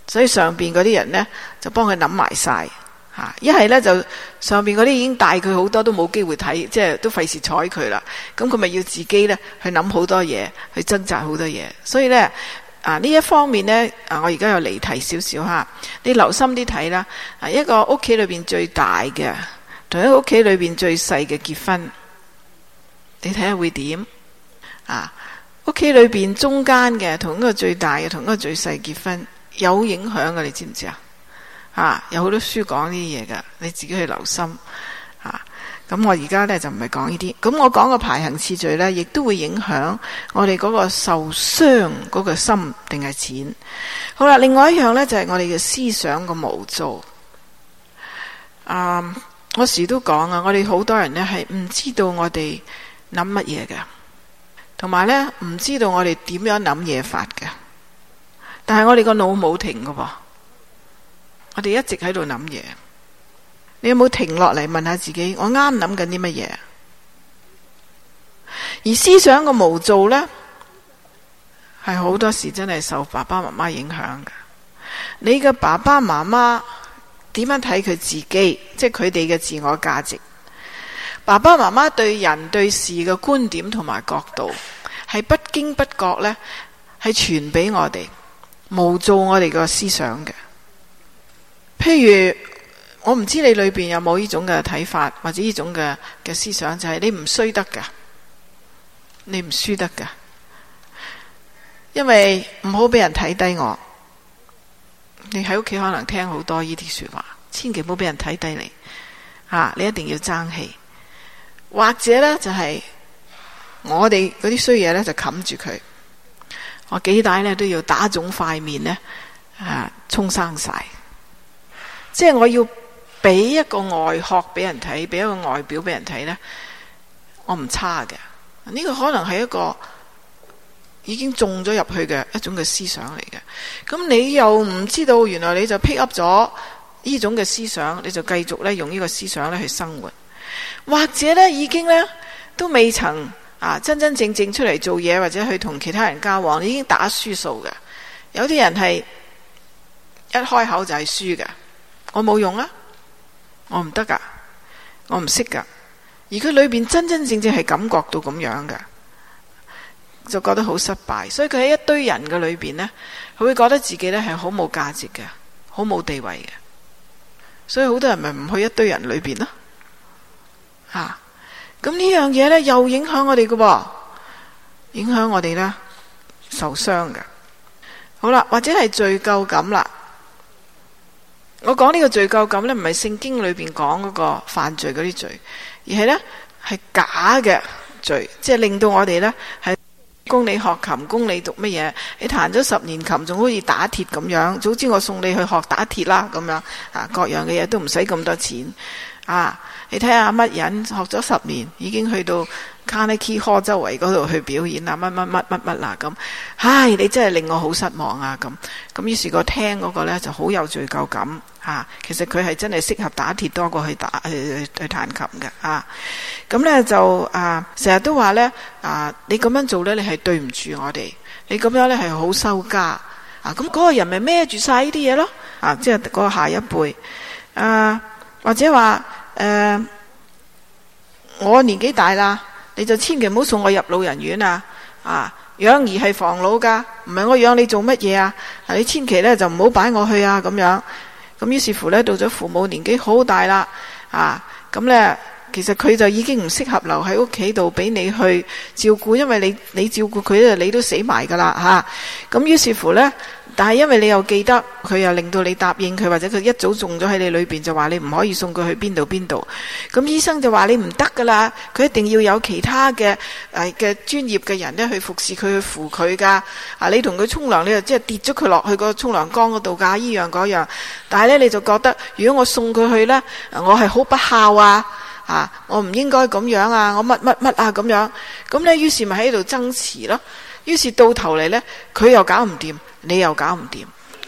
所以上邊嗰啲人呢，就幫佢諗埋晒吓。一係呢，就上邊嗰啲已經大佢好多，都冇機會睇，即係都費事睬佢啦。咁佢咪要自己呢去諗好多嘢，去掙扎好多嘢。所以呢。啊！呢一方面呢，啊，我而家又離題少少吓，你留心啲睇啦。啊，一個屋企裏邊最大嘅，同一個屋企裏邊最細嘅結婚，你睇下會點？啊，屋企裏邊中間嘅，同一個最大嘅，同一個最細結婚有影響嘅，你知唔知啊？啊，有好多書講呢啲嘢㗎，你自己去留心。咁我而家呢，就唔係講呢啲，咁我講個排行次序呢，亦都會影響我哋嗰個受傷嗰個心定係錢。好啦，另外一樣呢，就係、是、我哋嘅思想個模造。嗯，我時都講啊，我哋好多人呢係唔知道我哋諗乜嘢嘅，同埋呢唔知道我哋點樣諗嘢法嘅，但係我哋個腦冇停噶噃，我哋一直喺度諗嘢。你有冇停落嚟問下自己？我啱諗緊啲乜嘢？而思想嘅模造呢，係好多時真係受爸爸媽媽影響嘅。你嘅爸爸媽媽點樣睇佢自己？即係佢哋嘅自我價值。爸爸媽媽對人對事嘅觀點同埋角度，係不經不覺呢，係傳俾我哋模造我哋個思想嘅。譬如。我唔知你裏邊有冇呢種嘅睇法，或者呢種嘅嘅思想，就係你唔衰得噶，你唔輸得噶，因為唔好俾人睇低我。你喺屋企可能聽好多呢啲說話，千祈唔好俾人睇低你。吓，你一定要爭氣，或者咧就係我哋嗰啲衰嘢咧就冚住佢。我幾大咧都要打腫塊面咧，啊，冲生晒，即係我要。俾一個外殼俾人睇，俾一個外表俾人睇呢，我唔差嘅。呢個可能係一個已經種咗入去嘅一種嘅思想嚟嘅。咁你又唔知道，原來你就 pick up 咗呢種嘅思想，你就繼續咧用呢個思想咧去生活，或者呢，已經呢，都未曾啊真真正正出嚟做嘢，或者去同其他人交往，已經打輸數嘅。有啲人係一開口就係輸嘅，我冇用啊！我唔得噶，我唔識噶，而佢裏邊真真正正係感覺到咁樣噶，就覺得好失敗，所以佢喺一堆人嘅裏邊呢，佢會覺得自己呢係好冇價值嘅，好冇地位嘅，所以好多人咪唔去一堆人裏邊咯，吓、啊，咁呢樣嘢呢又影響我哋嘅、喎，影響我哋咧受傷嘅，好啦，或者係罪疚感啦。我講呢個罪疚感呢唔係聖經裏邊講嗰個犯罪嗰啲罪，而係呢係假嘅罪，即係令到我哋呢係供你學琴，供你讀乜嘢，你彈咗十年琴仲好似打鐵咁樣，早知我送你去學打鐵啦咁樣，啊各樣嘅嘢都唔使咁多錢。啊！你睇下乜人學咗十年，已經去到卡尼基 Hall 周圍嗰度去表演啊，乜乜乜乜乜啊！咁，唉，你真係令我好失望啊！咁，咁於是、個聽嗰個呢就好有罪疚感吓、啊。其實佢係真係適合打鐵多過去打、呃、去去彈琴嘅啊！咁呢就啊，成日都話呢：「啊，你咁樣做呢，你係對唔住我哋，你咁樣呢係好羞家啊！咁嗰個人咪孭住晒呢啲嘢咯啊！即係嗰、嗰個下一輩啊，或者話。誒、呃，我年紀大啦，你就千祈唔好送我入老人院啊！啊，養兒係防老噶，唔係我養你做乜嘢啊？係、啊、你千祈咧就唔好擺我去啊咁樣。咁於是乎呢，到咗父母年紀好大啦，啊，咁咧其實佢就已經唔適合留喺屋企度俾你去照顧，因為你你照顧佢咧，你都死埋噶啦吓。咁、啊、於是乎呢。但係，因為你又記得佢又令到你答應佢，或者佢一早中咗喺你裏邊，就話你唔可以送佢去邊度邊度。咁醫生就話你唔得㗎喇，佢一定要有其他嘅誒嘅專業嘅人呢去服侍佢，去扶佢㗎。啊，你同佢沖涼，你又即係跌咗佢落去個沖涼缸嗰度㗎，依樣嗰樣。但係呢，你就覺得如果我送佢去呢，我係好不孝啊！啊，我唔應該咁樣啊，我乜乜乜啊咁樣。咁呢，於是咪喺度爭持咯。於是到頭嚟呢，佢又搞唔掂，你又搞唔掂。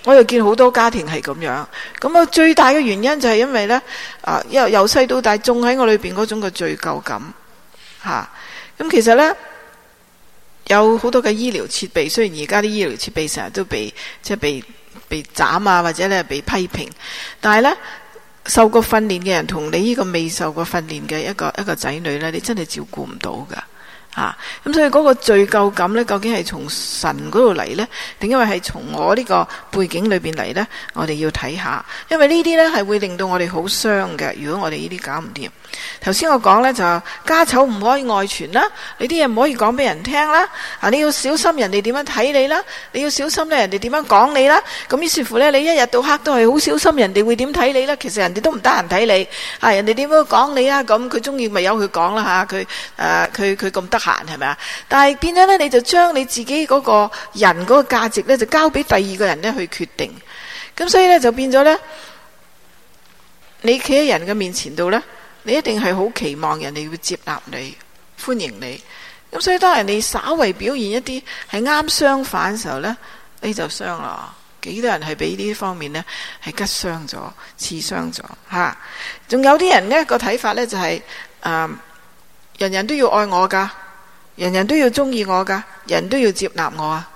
我又見好多家庭係咁樣，咁啊，最大嘅原因就係因為呢，呃、啊，因為由細到大仲喺我裏邊嗰種嘅罪疚感，吓。咁其實呢，有好多嘅醫療設備，雖然而家啲醫療設備成日都被即係被被斬啊，或者咧被批評，但係呢，受過訓練嘅人同你呢個未受過訓練嘅一個一個仔女呢，你真係照顧唔到噶。啊，咁、嗯、所以嗰個罪疚感呢，究竟係從神嗰度嚟呢？定因為係從我呢個背景裏邊嚟呢？我哋要睇下，因為呢啲呢係會令到我哋好傷嘅。如果我哋呢啲搞唔掂，頭先我講呢就家醜唔可以外傳啦，你啲嘢唔可以講俾人聽啦。啊，你要小心人哋點樣睇你啦，你要小心呢人哋點樣講你啦。咁於是乎呢，你一日到黑都係好小心人哋會點睇你啦。其實人哋都唔得閒睇你，係、啊、人哋點樣講你啊？咁佢中意咪由佢講啦吓，佢佢咁得。行係咪啊？但係變咗咧，你就將你自己嗰個人嗰個價值咧，就交俾第二個人咧去決定。咁所以咧，就變咗咧，你企喺人嘅面前度咧，你一定係好期望人哋會接納你、歡迎你。咁所以當人哋稍為表現一啲係啱相反嘅時候咧，你就傷啦。幾多人係俾呢方面呢？係吉傷咗、刺傷咗？吓，仲有啲人呢，個睇法咧就係、是、誒、呃，人人都要愛我噶。人人都要中意我㗎，人，人都要接納我啊！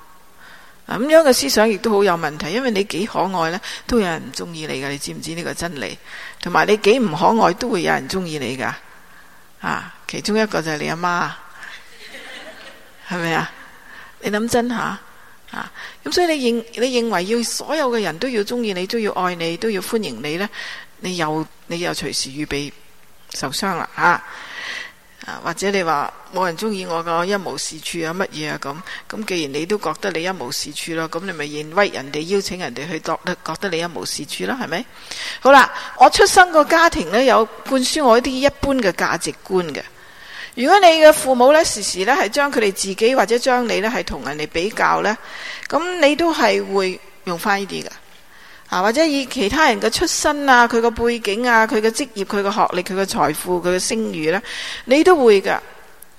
咁樣嘅思想亦都好有問題，因為你幾可愛呢，都有人唔中意你㗎，你知唔知呢個真理？同埋你幾唔可愛，都會有人中意你㗎。啊，其中一個就係你阿媽，媽，係咪啊？你諗真下。啊！咁、啊、所以你認你認為要所有嘅人都要中意你，都要愛你，都要歡迎你呢？你又你又隨時預備受傷啦，吓、啊！或者你話冇人中意我㗎，一無是處啊？乜嘢啊？咁咁，既然你都覺得你一無是處咯，咁你咪認為人哋邀請人哋去作，覺得你一無是處啦、啊，係咪？好啦，我出生個家庭呢，有灌輸我一啲一般嘅價值觀嘅。如果你嘅父母呢，時時呢係將佢哋自己或者將你呢係同人哋比較呢，咁你都係會用翻呢啲嘅。啊，或者以其他人嘅出身啊，佢嘅背景啊，佢嘅職業、佢嘅學歷、佢嘅財富、佢嘅聲譽呢，你都會噶，呢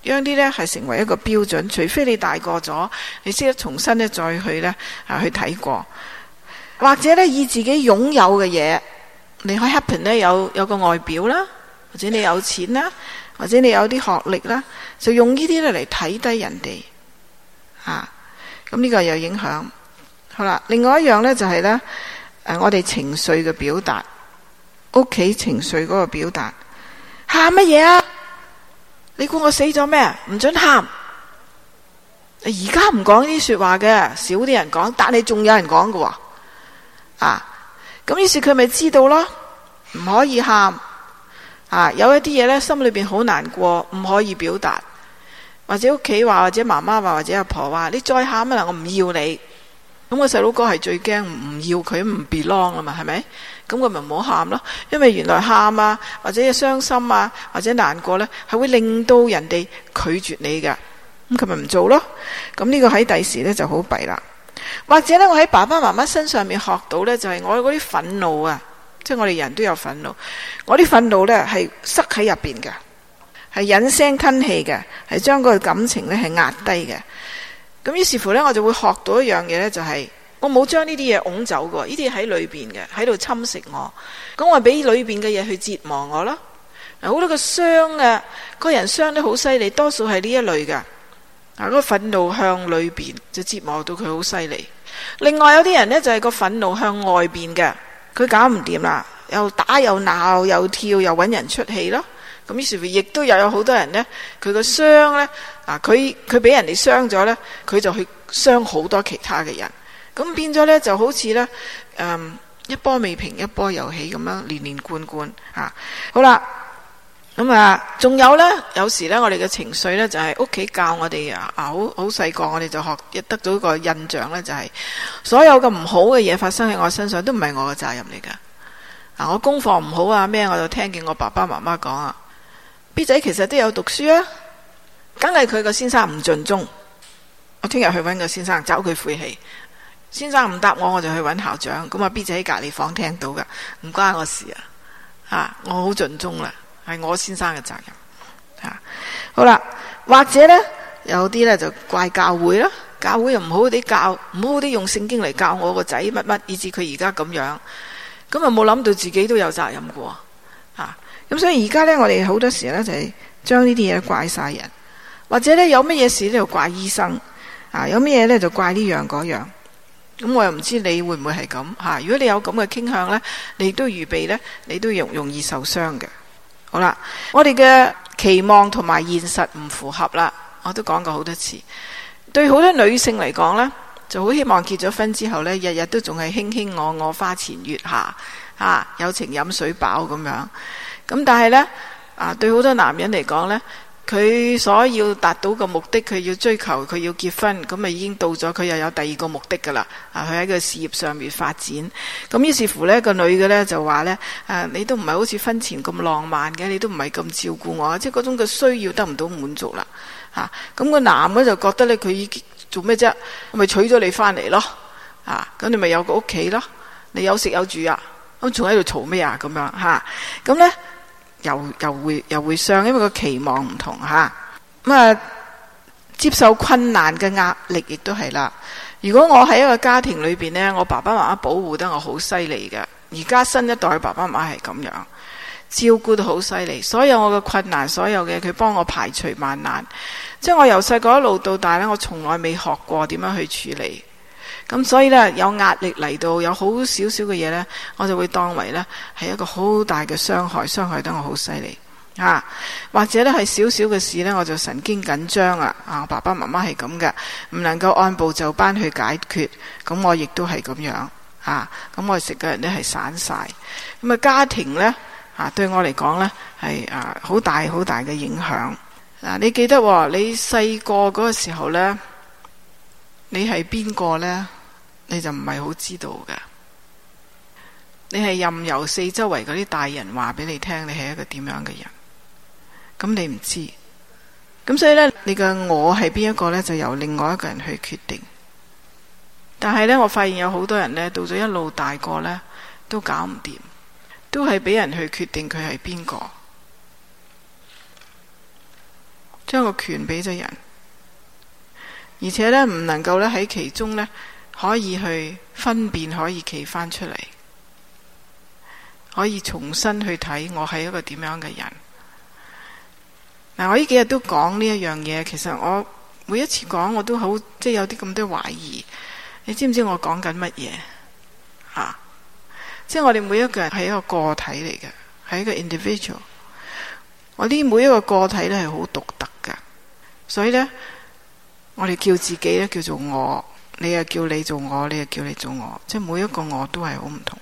啲呢係成為一個標準，除非你大個咗，你先得重新呢再去呢啊去睇過，或者呢以自己擁有嘅嘢，你喺黑屏呢有有個外表啦，或者你有錢啦，或者你有啲學歷啦，就用呢啲呢嚟睇低人哋，啊，咁呢個有影響。好啦，另外一樣呢就係呢。誒、啊，我哋情緒嘅表達，屋企情緒嗰個表達，喊乜嘢啊？你估我死咗咩？唔准喊！而家唔講呢啲說話嘅，少啲人講，但你仲有人講㗎，啊！咁於是佢咪知道咯，唔可以喊。啊，有一啲嘢呢，心裏邊好難過，唔可以表達，或者屋企話，或者媽媽話，或者阿婆話，你再喊啦，我唔要你。咁我細佬哥係最驚唔要佢唔 belong 啊嘛，係咪？咁佢咪唔好喊咯，因為原來喊啊，或者嘅傷心啊，或者難過呢，係會令到人哋拒絕你噶。咁佢咪唔做咯。咁呢個喺第時呢就好弊啦。或者呢，我喺爸爸媽媽身上面學到呢，就係、是、我嗰啲憤怒啊，即係我哋人都有憤怒，我啲憤怒呢係塞喺入邊嘅，係忍聲吞氣嘅，係將個感情呢係壓低嘅。咁於是乎呢，我就會學到一樣嘢呢，就係我冇將呢啲嘢拱走過，呢啲喺裏邊嘅，喺度侵蝕我。咁我俾裏邊嘅嘢去折磨我咯。好多個傷啊，個人傷得好犀利，多數係呢一類嘅。啊、嗰，個憤怒向裏邊就折磨到佢好犀利。另外有啲人呢，就係個憤怒向外邊嘅，佢搞唔掂啦，又打又鬧又跳又搵人出氣咯。咁於是乎，亦都有好多人呢，佢個傷呢。啊！佢佢俾人哋傷咗呢，佢就去傷好多其他嘅人，咁變咗呢，就好似呢，嗯，一波未平一波又起咁樣，連連貫貫啊！好啦，咁啊，仲有呢，有時呢，我哋嘅情緒呢，就係屋企教我哋啊啊，好好細個，我哋就學一得到一個印象呢，就係、是、所有嘅唔好嘅嘢發生喺我身上，都唔係我嘅責任嚟㗎。嗱、啊，我功課唔好啊咩，我就聽見我爸爸媽媽講啊，B 仔其實都有讀書啊。梗係佢個先生唔盡忠，我聽日去搵個先生，找佢晦氣。先生唔答我，我就去搵校長。咁啊 B 仔喺隔籬房聽到噶，唔關我事啊！啊，我好盡忠啦，係我先生嘅責任。啊，好啦，或者呢，有啲呢就怪教會啦，教會又唔好啲教，唔好啲用聖經嚟教我個仔乜乜，以至佢而家咁樣。咁啊冇諗到自己都有責任噶，啊咁所以而家呢，我哋好多時呢，就係將呢啲嘢怪曬人。或者咧有乜嘢事就怪醫生，啊有乜嘢咧就怪呢樣嗰樣，咁我又唔知你會唔會係咁吓？如果你有咁嘅傾向咧，你都預備咧，你都容容易受傷嘅。好啦，我哋嘅期望同埋現實唔符合啦，我都講過好多次。對好多女性嚟講呢，就好希望結咗婚之後呢，日日都仲係卿卿我我，花前月下，啊，有情飲水飽咁樣。咁，啊，但係呢，啊，對好多男人嚟講呢。佢所要達到嘅目的，佢要追求，佢要結婚，咁咪已經到咗。佢又有第二個目的噶啦。啊，佢喺個事業上面發展。咁於是乎呢個女嘅呢就話呢：呢「誒、啊，你都唔係好似婚前咁浪漫嘅，你都唔係咁照顧我，即係嗰種嘅需要得唔到滿足啦。嚇、啊，咁、那個男嘅就覺得呢，佢做咩啫？咪娶咗你翻嚟咯。嚇、啊，咁你咪有個屋企咯，你有食有住啊。咁仲喺度嘈咩啊？咁樣嚇，咁、啊、咧。又又會又會上，因為個期望唔同吓。咁啊，接受困難嘅壓力亦都係啦。如果我喺一個家庭裏邊咧，我爸爸媽媽保護得我好犀利嘅。而家新一代爸爸媽媽係咁樣照顧得好犀利，所有我嘅困難，所有嘅佢幫我排除萬難。即係我由細個一路到大咧，我從來未學過點樣去處理。咁所以呢，有壓力嚟到，有好少少嘅嘢呢，我就會當為呢係一個好大嘅傷害，傷害得我好犀利啊！或者呢係少少嘅事呢，我就神經緊張啊！啊，我爸爸媽媽係咁嘅，唔能夠按部就班去解決，咁我亦都係咁樣啊！咁我成個人、啊啊、呢係散晒。咁啊家庭呢，啊對我嚟講呢係啊好大好大嘅影響嗱、啊。你記得喎、哦，你細個嗰個時候呢。你係邊個呢？你就唔係好知道㗎。你係任由四周圍嗰啲大人話俾你聽，你係一個點樣嘅人？咁你唔知。咁所以呢，你嘅我係邊一個呢？就由另外一個人去決定。但係呢，我發現有好多人呢，到咗一路大個呢，都搞唔掂，都係俾人去決定佢係邊個。將個權俾咗人。而且呢，唔能夠呢，喺其中呢，可以去分辨，可以企返出嚟，可以重新去睇我係一個點樣嘅人。嗱、啊，我呢幾日都講呢一樣嘢，其實我每一次講我都好即係有啲咁多懷疑。你知唔知我講緊乜嘢？啊，即係我哋每一個人係一個個體嚟嘅，係一個 individual。我呢每一個個體都係好獨特㗎，所以呢。我哋叫自己咧，叫做我，你又叫你做我，你又叫你做我，即係每一個我都係好唔同。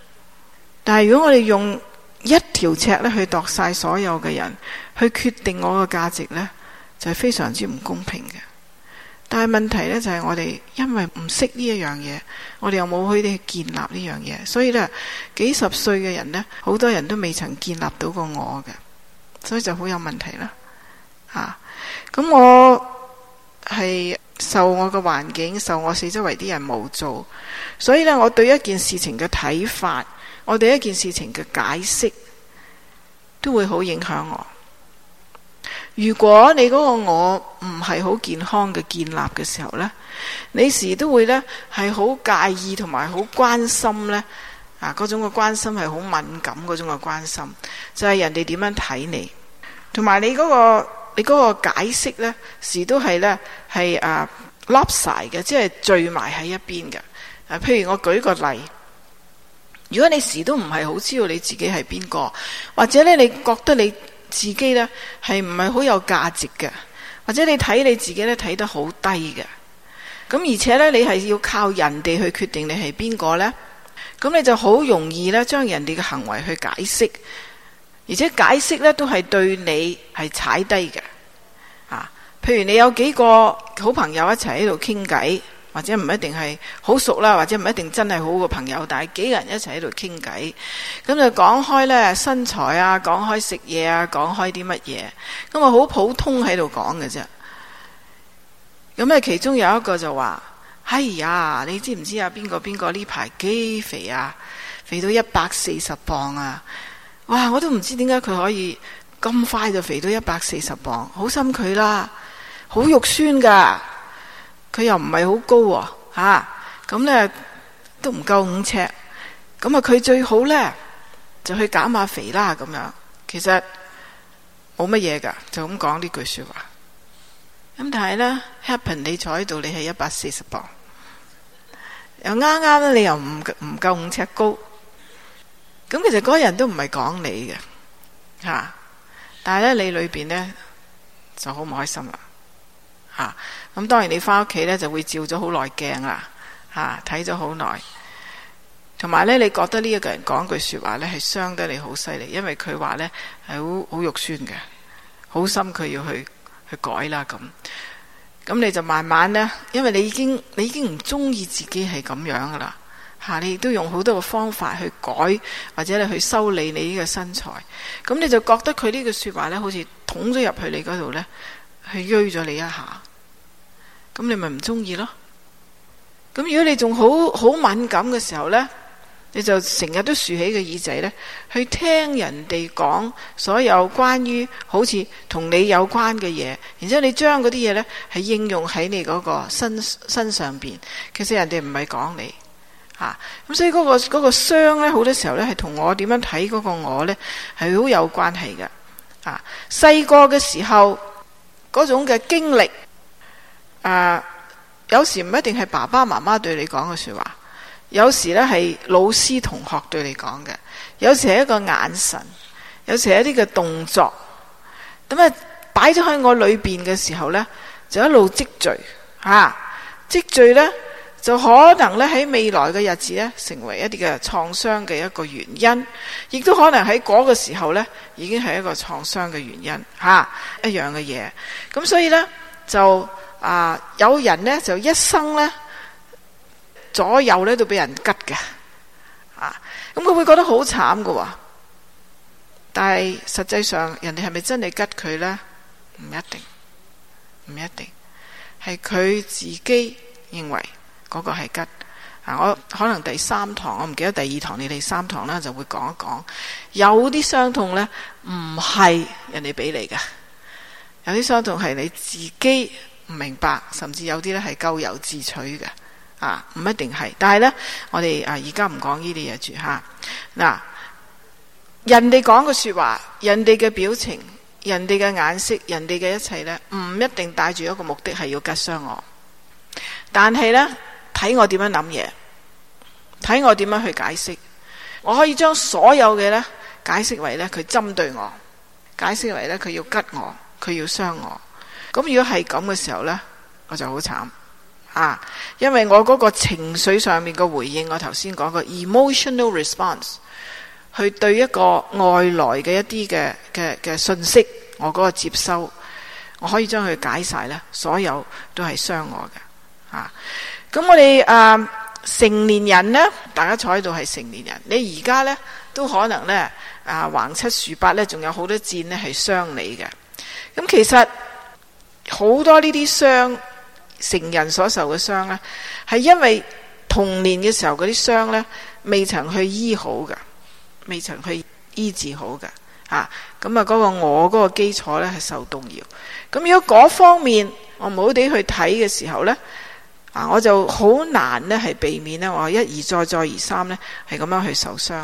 但係如果我哋用一條尺咧，去度晒所有嘅人，去決定我嘅價值呢，就係、是、非常之唔公平嘅。但係問題呢，就係、是、我哋因為唔識呢一樣嘢，我哋又冇去呢建立呢樣嘢，所以呢，幾十歲嘅人呢，好多人都未曾建立到個我嘅，所以就好有問題啦。咁、啊、我。係受我嘅環境，受我四周圍啲人冇做，所以呢，我對一件事情嘅睇法，我對一件事情嘅解釋，都會好影響我。如果你嗰個我唔係好健康嘅建立嘅時候呢，你時都會呢係好介意同埋好關心呢，啊，嗰種嘅關心係好敏感嗰種嘅關心，就係人哋點樣睇你，同埋你嗰個。你嗰個解釋呢，時都係呢，係啊，笠晒嘅，即係聚埋喺一邊嘅。啊，譬如我舉個例，如果你時都唔係好知道你自己係邊個，或者呢，你覺得你自己呢係唔係好有價值嘅，或者你睇你自己呢睇得好低嘅，咁而且呢，你係要靠人哋去決定你係邊個呢，咁你就好容易呢將人哋嘅行為去解釋。而且解釋呢都係對你係踩低嘅，啊，譬如你有幾個好朋友一齊喺度傾偈，或者唔一定係好熟啦，或者唔一定真係好嘅朋友，但係幾個人一齊喺度傾偈，咁就講開呢身材啊，講開食嘢啊，講開啲乜嘢，咁啊好普通喺度講嘅啫。咁啊其中有一個就話：哎呀，你知唔知啊？邊個邊個呢排幾肥啊？肥到一百四十磅啊！哇！我都唔知點解佢可以咁快就肥到一百四十磅，好心佢啦，好肉酸噶，佢又唔係好高喎、吓、咁、啊、呢都唔夠五尺，咁啊佢最好呢，就去減下肥啦咁樣。其實冇乜嘢噶，就咁講呢句説話。咁但係呢 happen 你坐喺度，你係一百四十磅，又啱啱咧，你又唔唔夠五尺高。咁其實嗰個人都唔係講你嘅，吓、啊，但係咧你裏邊呢就好唔開心啦，吓、啊。咁當然你翻屋企呢，就會照咗好耐鏡啦，吓，睇咗好耐，同埋呢，你覺得呢一個人講句說話呢係傷得你好犀利，因為佢話呢係好好肉酸嘅，好心佢要去去改啦咁，咁你就慢慢呢，因為你已經你已經唔中意自己係咁樣噶啦。吓、啊！你都用好多嘅方法去改，或者你去修理你呢個身材，咁、嗯、你就覺得佢呢句說話呢，好似捅咗入去你嗰度呢，去瘀咗你一下，咁、嗯、你咪唔中意咯。咁、嗯、如果你仲好好敏感嘅時候呢，你就成日都豎起個耳仔呢，去聽人哋講所有關於好似同你有關嘅嘢，然之後你將嗰啲嘢呢，係應用喺你嗰個身身上邊。其實人哋唔係講你。吓、咁啊，所以嗰個嗰個傷咧，好多時候咧係同我點樣睇嗰個我咧，係好有關係嘅。吓、細個嘅時候嗰種嘅經歷，啊有時唔一定係爸爸媽媽對你講嘅說話，有時咧係老師同學對你講嘅，有時係一個眼神，有時係一啲嘅動作，咁啊擺咗喺我裏邊嘅時候咧，就一路積聚，吓、積聚咧，就可能咧喺未來嘅日子咧，成為一啲嘅創傷嘅一個原因，亦都可能喺嗰個時候咧，已經係一個創傷嘅原因吓、啊、一樣嘅嘢。咁、啊、所以呢，就啊，有人呢，就一生呢左右呢都俾人吉嘅啊，咁、嗯、佢會覺得好慘噶。但係實際上人哋係咪真係吉佢呢？唔一定，唔一定係佢自己認為。嗰個係吉啊！我可能第三堂我唔記得，第二堂你第三堂呢就會講一講。有啲傷痛呢，唔係人哋俾你嘅，有啲傷痛係你自己唔明白，甚至有啲呢係咎由自取嘅啊！唔一定係，但係呢，我哋啊而家唔講呢啲嘢住嚇嗱。人哋講個説話，人哋嘅表情，人哋嘅眼色，人哋嘅一切呢，唔一定帶住一個目的係要吉傷我，但係呢。睇我點樣諗嘢，睇我點樣去解釋，我可以將所有嘅呢解釋為呢，佢針對我，解釋為呢，佢要吉我，佢要傷我。咁如果係咁嘅時候呢，我就好慘啊！因為我嗰個情緒上面嘅回應，我頭先講個 emotional response，去對一個外來嘅一啲嘅嘅嘅信息，我嗰個接收，我可以將佢解晒呢所有都係傷我嘅啊。咁我哋啊、呃、成年人呢，大家坐喺度係成年人。你而家呢，都可能呢啊橫、呃、七豎八呢，仲有好多箭呢係傷你嘅。咁、嗯、其實好多呢啲傷成人所受嘅傷呢，係因為童年嘅時候嗰啲傷呢，未曾去醫好嘅，未曾去醫治好嘅。吓咁啊嗰、嗯嗰個我嗰個基礎呢係受動搖。咁、嗯、如果嗰方面我冇地去睇嘅時候呢。啊，我就好難咧，係避免咧，我一而再，再而三咧，係咁樣去受傷。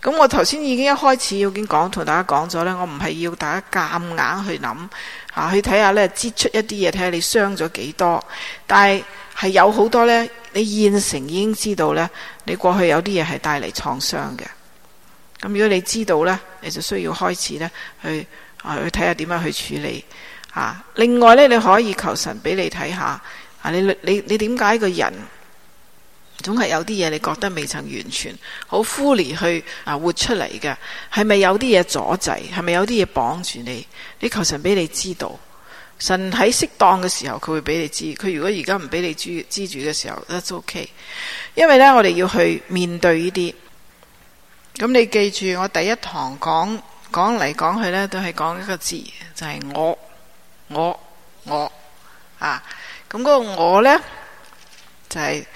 咁我頭先已經一開始已經講同大家講咗呢，我唔係要大家夾硬，硬去諗啊，去睇下呢，接出一啲嘢，睇下你傷咗幾多。但係係有好多呢，你現成已經知道呢，你過去有啲嘢係帶嚟創傷嘅。咁如果你知道呢，你就需要開始呢去啊去睇下點樣去處理啊。另外呢，你可以求神俾你睇下。啊！你你你點解個人總係有啲嘢，你覺得未曾完全好 fully 去啊活出嚟嘅，係咪有啲嘢阻滯？係咪有啲嘢綁住你？你求神俾你知道，神喺適當嘅時候佢會俾你知。佢如果而家唔俾你知，知住嘅時候都 ok，因為呢，我哋要去面對呢啲。咁、嗯、你記住，我第一堂講講嚟講去呢，都係講一個字，就係、是、我我我啊。咁嗰個我呢，就係、是、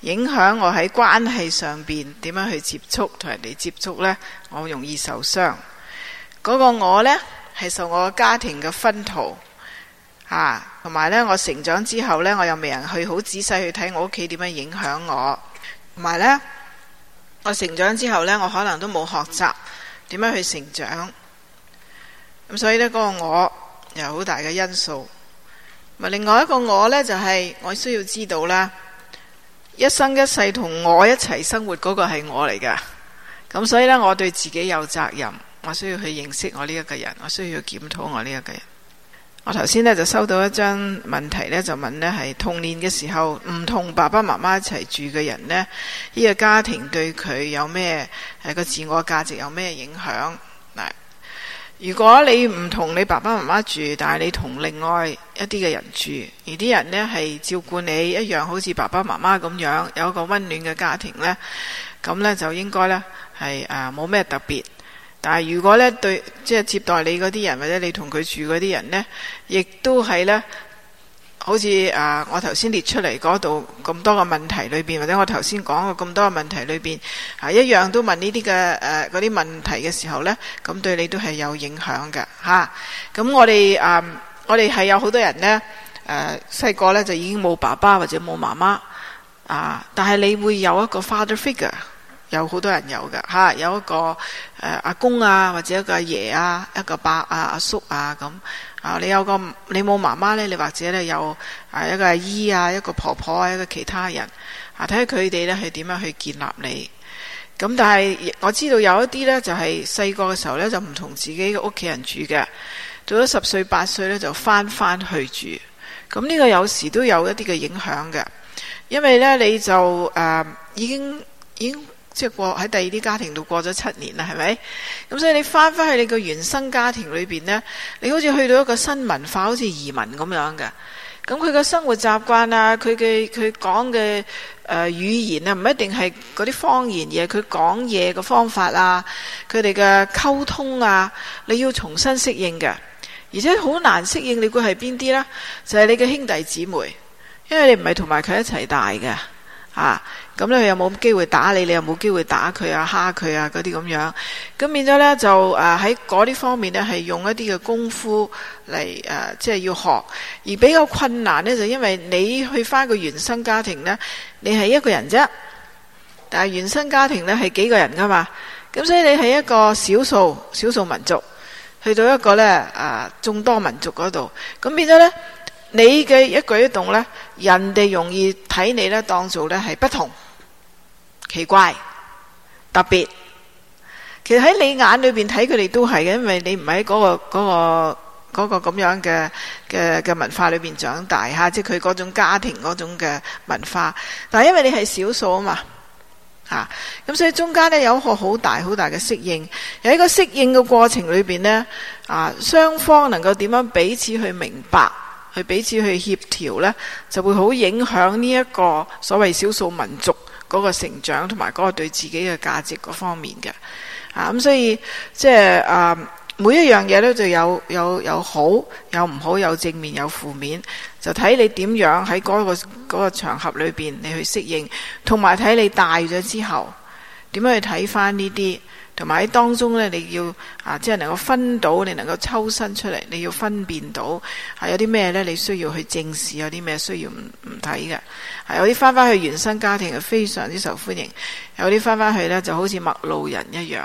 影響我喺關係上邊點樣去接觸同人哋接觸呢？我容易受傷。嗰、那個我呢，係受我家庭嘅熏陶吓，同埋呢，我成長之後呢，我又未能去好仔細去睇我屋企點樣影響我，同埋呢，我成長之後呢，我可能都冇學習點樣去成長。咁所以呢，嗰、那個我有好大嘅因素。另外一個我呢，就係、是、我需要知道啦，一生一世同我一齊生活嗰個係我嚟噶，咁所以呢，我對自己有責任，我需要去認識我呢一個人，我需要去檢討我呢一個人。我頭先呢，就收到一張問題呢就問呢：「係童年嘅時候唔同爸爸媽媽一齊住嘅人呢，呢、呢個家庭對佢有咩係個自我價值有咩影響？如果你唔同你爸爸媽媽住，但係你同另外一啲嘅人住，而啲人呢係照顧你，一樣好似爸爸媽媽咁樣，有一個溫暖嘅家庭呢。咁呢，就應該呢係誒冇咩特別。但係如果呢對即係接待你嗰啲人，或者你同佢住嗰啲人呢，亦都係呢。好似啊、呃，我頭先列出嚟嗰度咁多個問題裏邊，或者我頭先講過咁多個問題裏邊，係、啊、一樣都問呢啲嘅誒嗰啲問題嘅時候呢，咁對你都係有影響嘅嚇。咁我哋啊，我哋係、呃、有好多人呢，誒、呃，細個呢就已經冇爸爸或者冇媽媽啊，但係你會有一個 father figure，有好多人有嘅嚇、啊，有一個誒、呃、阿公啊，或者一個阿爺啊，一個伯啊，阿叔啊咁。啊！你有個你冇媽媽呢？你或者呢，有啊一個阿姨啊，一個婆婆啊，一個其他人啊，睇下佢哋呢係點樣去建立你咁、嗯。但係我知道有一啲呢，就係細個嘅時候呢，就唔同自己嘅屋企人住嘅，到咗十歲八歲呢，就返返去住。咁、嗯、呢、這個有時都有一啲嘅影響嘅，因為呢，你就誒已經已經。已經即係過喺第二啲家庭度過咗七年啦，係咪？咁所以你翻返去你個原生家庭裏邊呢，你好似去到一個新文化，好似移民咁樣嘅。咁佢嘅生活習慣啊，佢嘅佢講嘅誒語言啊，唔一定係嗰啲方言，而係佢講嘢嘅方法啊，佢哋嘅溝通啊，你要重新適應嘅。而且好難適應，你估係邊啲呢？就係、是、你嘅兄弟姊妹，因為你唔係同埋佢一齊大嘅。啊，咁咧佢又冇機會打你，你又冇機會打佢啊，蝦佢啊，嗰啲咁樣，咁變咗呢，就誒喺嗰啲方面呢，係用一啲嘅功夫嚟、誒、呃，即係要學，而比較困難呢，就因為你去翻個原生家庭呢，你係一個人啫，但係原生家庭呢，係幾個人噶嘛，咁所以你係一個少數少數民族去到一個呢，誒、呃、眾多民族嗰度，咁變咗呢。你嘅一舉一動呢，人哋容易睇你呢，當作呢係不同、奇怪、特別。其實喺你眼裏邊睇佢哋都係嘅，因為你唔係喺嗰個嗰個嗰個咁樣嘅嘅嘅文化裏邊長大吓，即係佢嗰種家庭嗰種嘅文化。但係因為你係少數啊嘛，吓咁，所以中間呢有一個好大好大嘅適應，有一個適應嘅過程裏邊呢，啊，雙方能夠點樣彼此去明白。去彼此去協調呢，就會好影響呢一個所謂少數民族嗰個成長同埋嗰個對自己嘅價值嗰方面嘅啊咁，所以即係啊、呃，每一樣嘢咧就有有有好有唔好，有正面有負面，就睇你點樣喺嗰個嗰個場合裏邊你去適應，同埋睇你大咗之後點樣去睇返呢啲。同埋喺當中呢，你要啊，即係能夠分到，你能夠抽身出嚟，你要分辨到係、啊、有啲咩呢，你需要去正視，有啲咩需要唔唔睇嘅。係、啊、有啲翻返去原生家庭係非常之受歡迎，有啲翻返去呢，就好似陌路人一樣。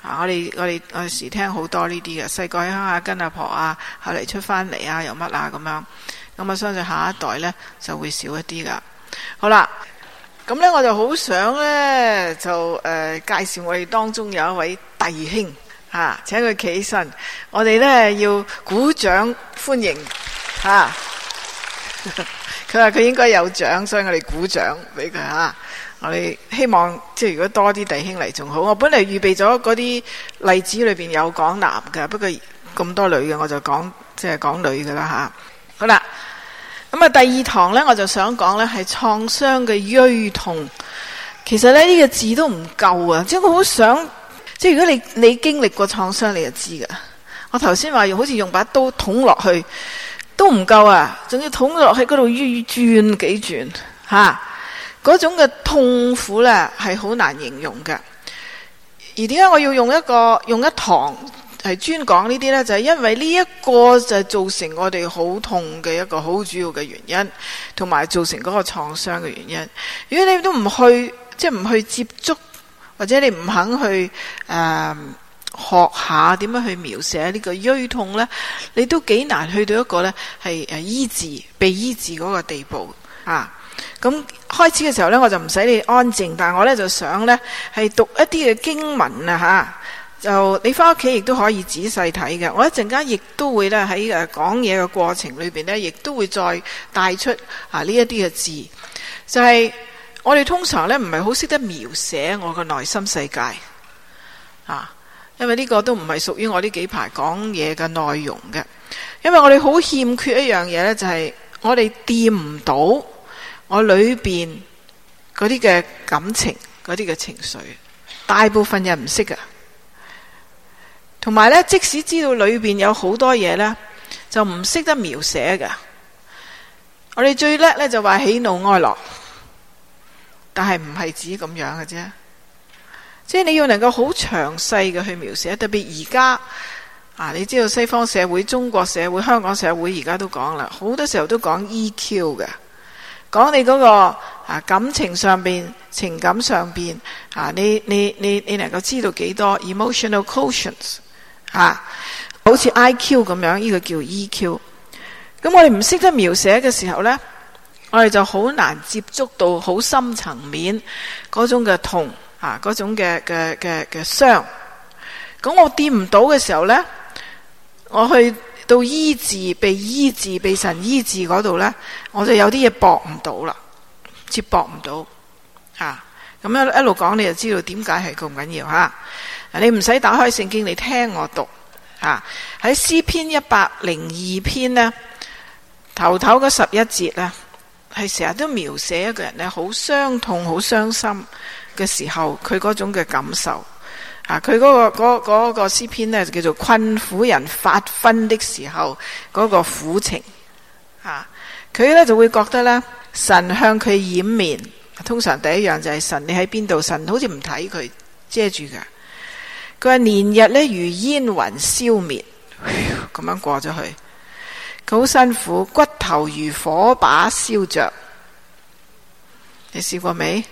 啊，我哋我哋我哋有時聽好多呢啲嘅，細個喺鄉下跟阿婆啊，後嚟出返嚟啊又乜啊咁樣。咁啊，相信下一代呢，就會少一啲噶。好啦。咁呢，我就好想呢，就誒、呃、介紹我哋當中有一位弟兄嚇、啊，請佢企身，我哋呢，要鼓掌歡迎嚇。佢話佢應該有獎，所以我哋鼓掌俾佢嚇。我哋希望即係如果多啲弟兄嚟仲好。我本嚟預備咗嗰啲例子裏邊有講男嘅，不過咁多女嘅，我就講即係講女嘅啦嚇。好啦。咁啊，第二堂呢，我就想講呢係創傷嘅瘀痛。其實呢，呢個字都唔夠啊！即係我好想，即係如果你你經歷過創傷，你就知噶。我頭先話用，好似用把刀捅落去，都唔夠啊！仲要捅落去嗰度轉幾轉，吓，嗰種嘅痛苦呢，係好難形容嘅。而點解我要用一個用一堂？係專講呢啲呢，就係、是、因為呢一個就係造成我哋好痛嘅一個好主要嘅原因，同埋造成嗰個創傷嘅原因。如果你都唔去，即係唔去接觸，或者你唔肯去誒、呃、學下點樣去描寫呢、啊這個瘀痛呢，你都幾難去到一個呢係誒醫治、被醫治嗰個地步啊。咁、嗯、開始嘅時候呢，我就唔使你安靜，但我呢就想呢係讀一啲嘅經文啊，嚇！就你翻屋企亦都可以仔細睇嘅。我一陣間亦都會咧喺誒講嘢嘅過程裏邊呢，亦都會再帶出啊呢一啲嘅字，就係我哋通常呢，唔係好識得描寫我嘅內心世界啊，因為呢個都唔係屬於我呢幾排講嘢嘅內容嘅。因為我哋好欠缺一樣嘢呢，就係我哋掂唔到我裏邊嗰啲嘅感情、嗰啲嘅情緒，大部分人唔識噶。同埋咧，即使知道裏邊有好多嘢呢，就唔識得描寫嘅。我哋最叻呢，就話喜怒哀樂，但係唔係指咁樣嘅啫。即係你要能夠好詳細嘅去描寫，特別而家啊，你知道西方社會、中國社會、香港社會而家都講啦，好多時候都講 EQ 嘅，講你嗰個啊感情上邊、情感上邊啊，你你你你能夠知道幾多 emotional quotients。Em 吓、啊，好似 I Q 咁樣，呢、這個叫 E Q。咁我哋唔識得描寫嘅時候呢，我哋就好難接觸到好深層面嗰種嘅痛啊，嗰種嘅嘅嘅嘅傷。咁我掂唔到嘅時候呢，我去到醫治、被醫治、被神醫治嗰度呢，我就有啲嘢駁唔到啦，接駁唔到。吓、啊，咁樣一路講你就知道點解係咁緊要吓。啊你唔使打開聖經嚟聽我讀，吓、啊、喺詩篇一百零二篇咧，頭頭嗰十一節呢係成日都描寫一個人咧好傷痛、好傷心嘅時候，佢嗰種嘅感受。啊，佢嗰、嗰個嗰、嗰個嗰個詩篇呢，就叫做困苦人發昏的時候，嗰、嗰個苦情。吓、啊，佢呢就會覺得呢神向佢掩面。通常第一樣就係神，你喺邊度？神好似唔睇佢，遮住嘅。佢話年日呢，如煙雲消滅，咁 [COUGHS] 樣過咗去，佢好辛苦，骨頭如火把燒着。你試過未？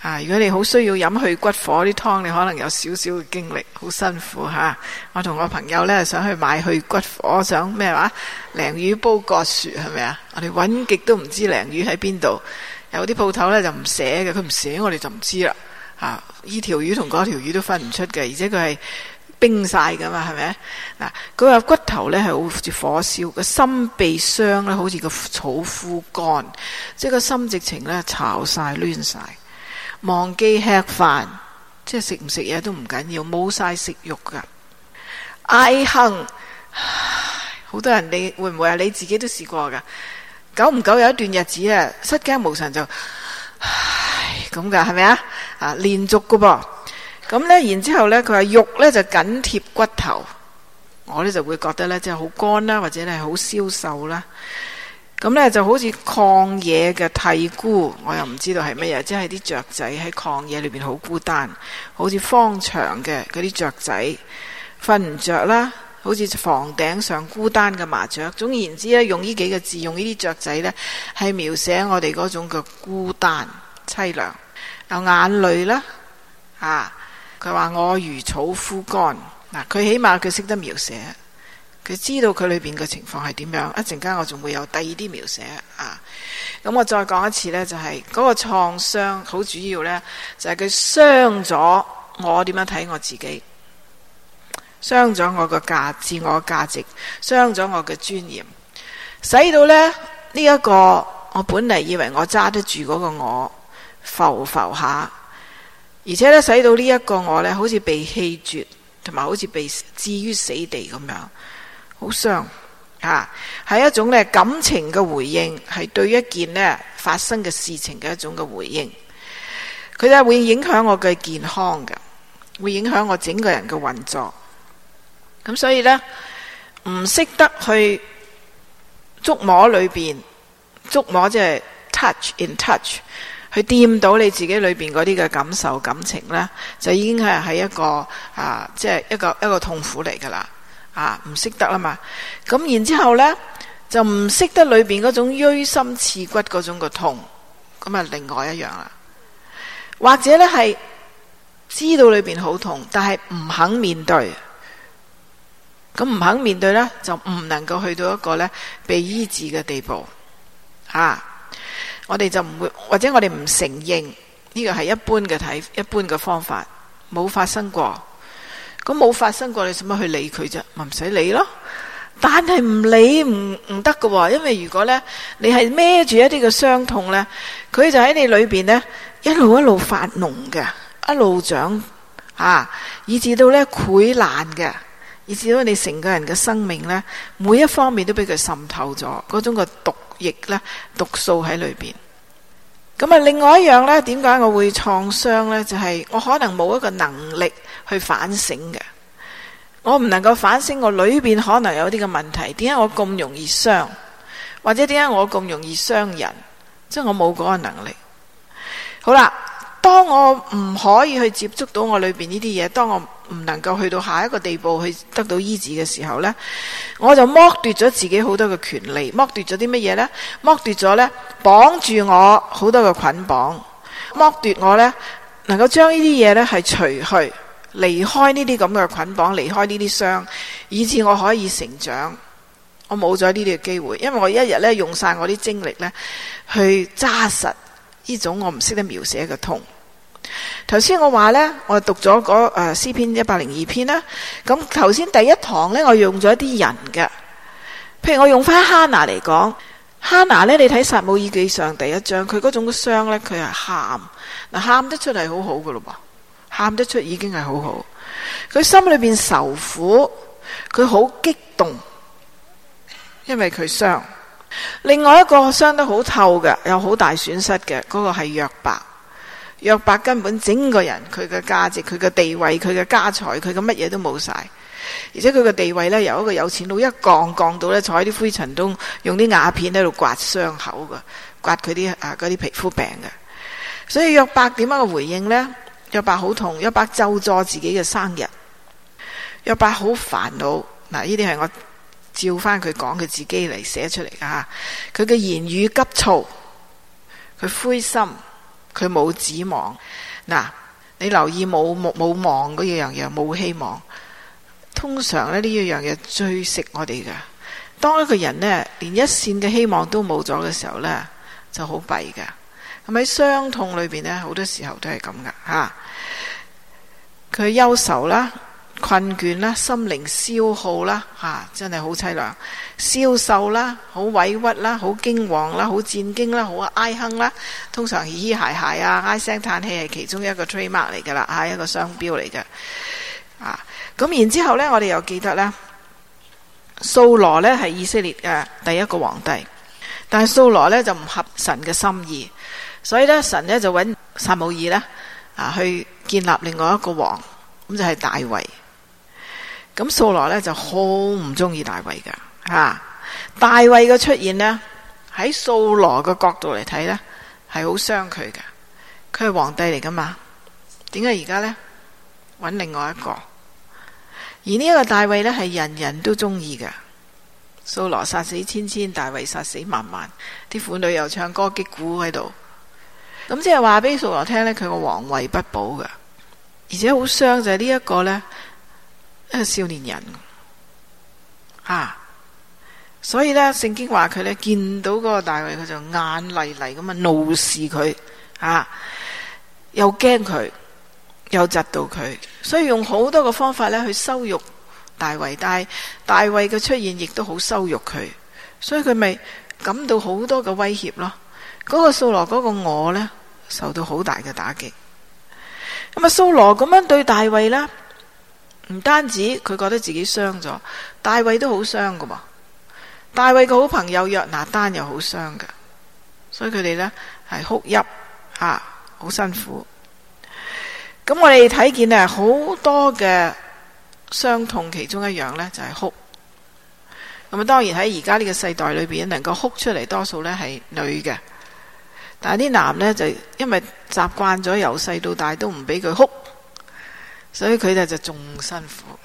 啊，如果你好需要飲去骨火啲湯，湯你可能有少少嘅經歷，好辛苦嚇、啊。我同我朋友呢，想去買去骨火，想咩話？鯪魚煲葛薯，係咪啊？我哋揾極都唔知鯪魚喺邊度，有啲鋪頭呢，就唔寫嘅，佢唔寫我哋就唔知啦。啊！呢條魚同嗰條魚都分唔出嘅，而且佢係冰晒噶嘛，係咪？嗱、啊，佢話骨頭呢係好似火燒，個心被傷咧好似個草枯乾，即係個心直情呢巢晒攣晒，忘記吃飯，即係食唔食嘢都唔緊要，冇晒食欲噶，hung，唉，哼，好多人你會唔會啊？你自己都試過噶，久唔久有一段日子啊，失驚無神就唉，咁噶係咪啊？啊，連續噶噃，咁呢，然之後咧，佢話肉呢就緊貼骨頭，我呢就會覺得呢，即係好乾啦，或者係好消瘦啦，咁呢，就好似曠野嘅鵜鶘，我又唔知道係乜嘢，即係啲雀仔喺曠野裏邊好孤單，好似方長嘅嗰啲雀仔瞓唔着啦。好似房頂上孤單嘅麻雀，總言之咧，用呢幾個字，用呢啲雀仔呢，係描寫我哋嗰種嘅孤單淒涼，有眼淚啦，啊，佢話我如草枯乾，嗱、啊，佢起碼佢識得描寫，佢知道佢裏邊嘅情況係點樣，一陣間我仲會有第二啲描寫啊，咁、啊、我再講一次呢就係、是、嗰、那個創傷好主要呢，就係、是、佢傷咗我點樣睇我自己。傷咗我個價自我價值，傷咗我嘅尊嚴，使到呢呢一個我本嚟，以為我揸得住嗰個我浮浮下，而且呢，使到呢一個我呢好似被棄絕，同埋好似被置於死地咁樣，好傷吓係一種呢感情嘅回應，係對一件呢發生嘅事情嘅一種嘅回應。佢呢會影響我嘅健康嘅，會影響我，我整個人嘅運作。咁所以呢，唔識得去觸摸裏邊，觸摸即係 touch in touch，去掂到你自己裏邊嗰啲嘅感受、感情呢，就已經係喺一個啊，即係一個一個痛苦嚟噶啦，啊唔識得啦嘛。咁然之後呢，就唔識得裏邊嗰種錐心刺骨嗰種嘅痛，咁啊另外一樣啦。或者呢係知道裏邊好痛，但係唔肯面對。咁唔肯面對咧，就唔能夠去到一個呢被醫治嘅地步。啊！我哋就唔會，或者我哋唔承認呢、這個係一般嘅睇，一般嘅方法冇發生過。咁冇發生過，你使乜去理佢啫？咪唔使理咯。但係唔理唔唔得噶，因為如果咧你係孭住一啲嘅傷痛呢，佢就喺你裏邊呢一路一路發膿嘅，一路長啊，以至到呢潰爛嘅。以至到你成個人嘅生命呢，每一方面都俾佢滲透咗，嗰種個毒液呢，毒素喺裏邊。咁啊，另外一樣呢，點解我會創傷呢？就係我可能冇一個能力去反省嘅，我唔能夠反省我裏邊可能有啲嘅問題。點解我咁容易傷？或者點解我咁容易傷人？即係我冇嗰個能力。好啦。當我唔可以去接觸到我裏邊呢啲嘢，當我唔能夠去到下一個地步去得到醫治嘅時候呢，我就剝奪咗自己好多嘅權利，剝奪咗啲乜嘢呢？剝奪咗呢，綁住我好多嘅捆綁，剝奪我呢，能夠將呢啲嘢呢係除去，離開呢啲咁嘅捆綁，離開呢啲傷，以致我可以成長。我冇咗呢啲嘅機會，因為我一日呢用晒我啲精力呢去揸實呢種我唔識得描寫嘅痛。頭先我話呢，我讀咗嗰誒詩篇一百零二篇啦。咁頭先第一堂呢，我用咗一啲人嘅，譬如我用翻哈拿嚟講，哈拿 [NOISE] 呢，你睇撒母耳記上第一章，佢嗰種傷呢，佢係喊，嗱喊得出嚟好好噶咯，喊得出，喊得出已經係好好。佢心裏邊愁苦，佢好激動，因為佢傷。另外一個傷得好透嘅，有好大損失嘅，嗰、那個係約伯。約伯根本整個人，佢嘅價值、佢嘅地位、佢嘅家財、佢嘅乜嘢都冇晒，而且佢嘅地位咧，由一個有錢佬一降降到坐喺啲灰塵中，用啲瓦片喺度刮傷口嘅，刮佢啲啊嗰啲皮膚病嘅。所以約伯點樣嘅回應呢？約伯好痛，約伯咒詛自己嘅生日，約伯好煩惱。嗱，呢啲係我照翻佢講佢自己嚟寫出嚟噶吓，佢嘅言語急躁，佢灰心。佢冇指望，嗱，你留意冇冇望嗰樣嘢，冇希望。通常呢呢樣嘢最食我哋噶。當一個人呢，連一線嘅希望都冇咗嘅時候呢，就好弊噶。咁喺傷痛裏邊呢，好多時候都係咁噶吓。佢憂愁啦。困倦啦，心靈消耗啦，吓、啊、真係好淒涼，消瘦啦，好委屈啦，好驚惶啦，好戰驚啦，好哀哼啦，通常嘻嘻鞋鞋啊，唉聲嘆氣係其中一個 trademark 嚟、啊、噶啦，係一個商標嚟嘅。啊，咁然之後咧，我哋又記得咧，掃羅呢係以色列嘅第一個皇帝，但係掃羅咧就唔合神嘅心意，所以呢，神就撒母耳呢就搵撒母耳咧啊去建立另外一個王，咁就係大衛。咁掃羅呢就好唔中意大衛噶吓，大衛嘅出現呢，喺掃羅嘅角度嚟睇呢，係好傷佢嘅，佢係皇帝嚟噶嘛？點解而家呢，搵另外一個。而呢一個大衛呢，係人人都中意嘅，掃羅殺死千千，大衛殺死萬萬，啲婦女又唱歌擊鼓喺度，咁即係話俾掃羅聽呢，佢個皇位不保噶，而且好傷就係呢一個呢。一個少年人，吓、啊，所以呢，聖經話佢咧見到個大衛，佢就眼嚟嚟咁啊怒視佢，啊，又驚佢，又窒到佢，所以用好多個方法咧去羞辱大衛。但係大衛嘅出現亦都好羞辱佢，所以佢咪感到好多嘅威脅咯。嗰、那個掃羅嗰個我呢，受到好大嘅打擊。咁啊，掃羅咁樣對大衛呢？唔單止佢覺得自己傷咗，大衛都好傷噶嘛，大衛個好朋友約拿單又好傷嘅，所以佢哋呢係哭泣，吓、啊、好辛苦。咁我哋睇見呢好多嘅傷痛，其中一樣呢就係哭。咁啊，當然喺而家呢個世代裏邊，能夠哭出嚟，多數呢係女嘅，但係啲男呢，就因為習慣咗由細到大都唔俾佢哭。所以佢哋就仲辛苦，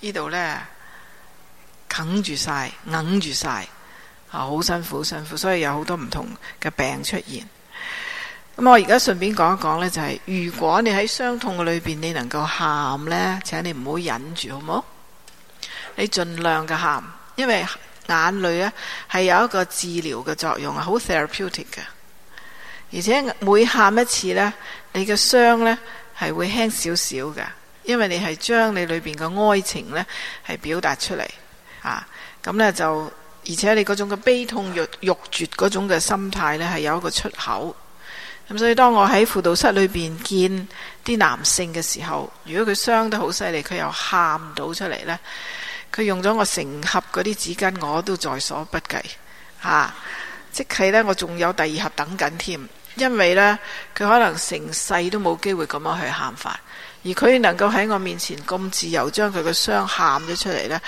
呢度呢，啃住晒、硬住晒，啊、嗯、好辛苦、好辛苦，所以有好多唔同嘅病出現。咁、嗯、我而家順便講一講呢，就係、是、如果你喺傷痛嘅裏邊，你能夠喊呢，請你唔好忍住，好冇？你盡量嘅喊，因為眼淚呢係有一個治療嘅作用，好 therapeutic 嘅，而且每喊一次呢，你嘅傷呢。係會輕少少嘅，因為你係將你裏邊嘅哀情呢係表達出嚟。啊，咁呢就，而且你嗰種嘅悲痛欲欲絕嗰種嘅心態呢係有一個出口，咁、啊、所以當我喺輔導室裏邊見啲男性嘅時候，如果佢傷得好犀利，佢又喊到出嚟呢，佢用咗我成盒嗰啲紙巾，我都在所不計，吓、啊，即係呢，我仲有第二盒等緊添。啊因為呢，佢可能成世都冇機會咁樣去喊法，而佢能夠喺我面前咁自由將佢嘅傷喊咗出嚟呢。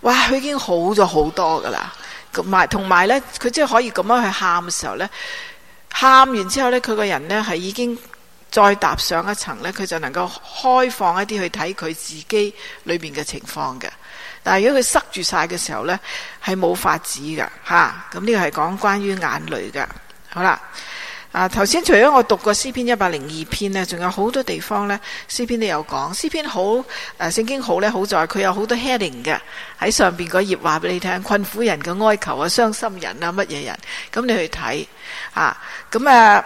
哇！佢已經好咗好多噶啦，咁埋同埋呢，佢即係可以咁樣去喊嘅時候呢，喊完之後呢，佢個人呢係已經再踏上一層呢，佢就能夠開放一啲去睇佢自己裏邊嘅情況嘅。但係如果佢塞住晒嘅時候呢，係冇法子噶吓。咁呢個係講關於眼淚嘅，好啦。啊，頭先除咗我讀過詩篇一百零二篇咧，仲有好多地方呢。詩篇都有講。詩篇好誒、呃，聖經好呢，好在佢有好多 heading 嘅喺上邊嗰頁話俾你聽，困苦人嘅哀求啊，傷心人啊，乜嘢人，咁、嗯、你去睇啊。咁、嗯、啊，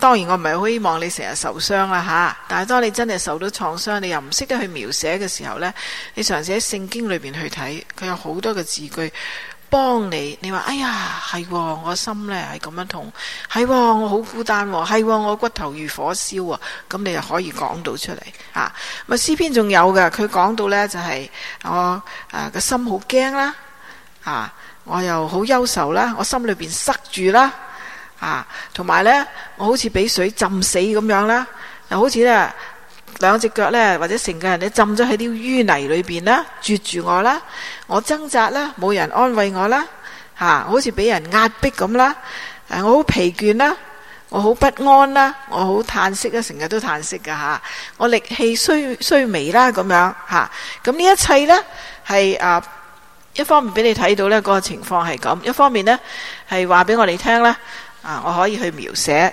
當然我唔係好希望你成日受傷啊吓，但係當你真係受到創傷，你又唔識得去描寫嘅時候呢，你嘗試喺聖經裏邊去睇，佢有好多嘅字句。幫你，你話哎呀，係、哦、我心咧係咁樣痛，係、哦、我好孤單、哦，係、哦、我骨頭如火燒、哦、啊！咁你又可以講到出嚟、吓咁、啊？咁詩篇仲有噶，佢講到咧就係我誒個心好驚啦，啊我又好憂愁啦，我心裏邊塞住啦，啊同埋咧我好似俾水浸死咁樣啦，又好似咧。兩隻腳咧，或者成個人咧浸咗喺啲淤泥裏邊啦，捉住我啦，我掙扎啦，冇人安慰我啦，吓、啊，好似俾人壓迫咁啦，誒、啊，我好疲倦啦，我好不安啦，我好嘆息啦，成日都嘆息噶吓，我力氣衰衰微啦，咁樣吓，咁、啊、呢一切呢，係啊，一方面俾你睇到呢嗰、那個情況係咁，一方面呢，係話俾我哋聽啦，啊，我可以去描寫。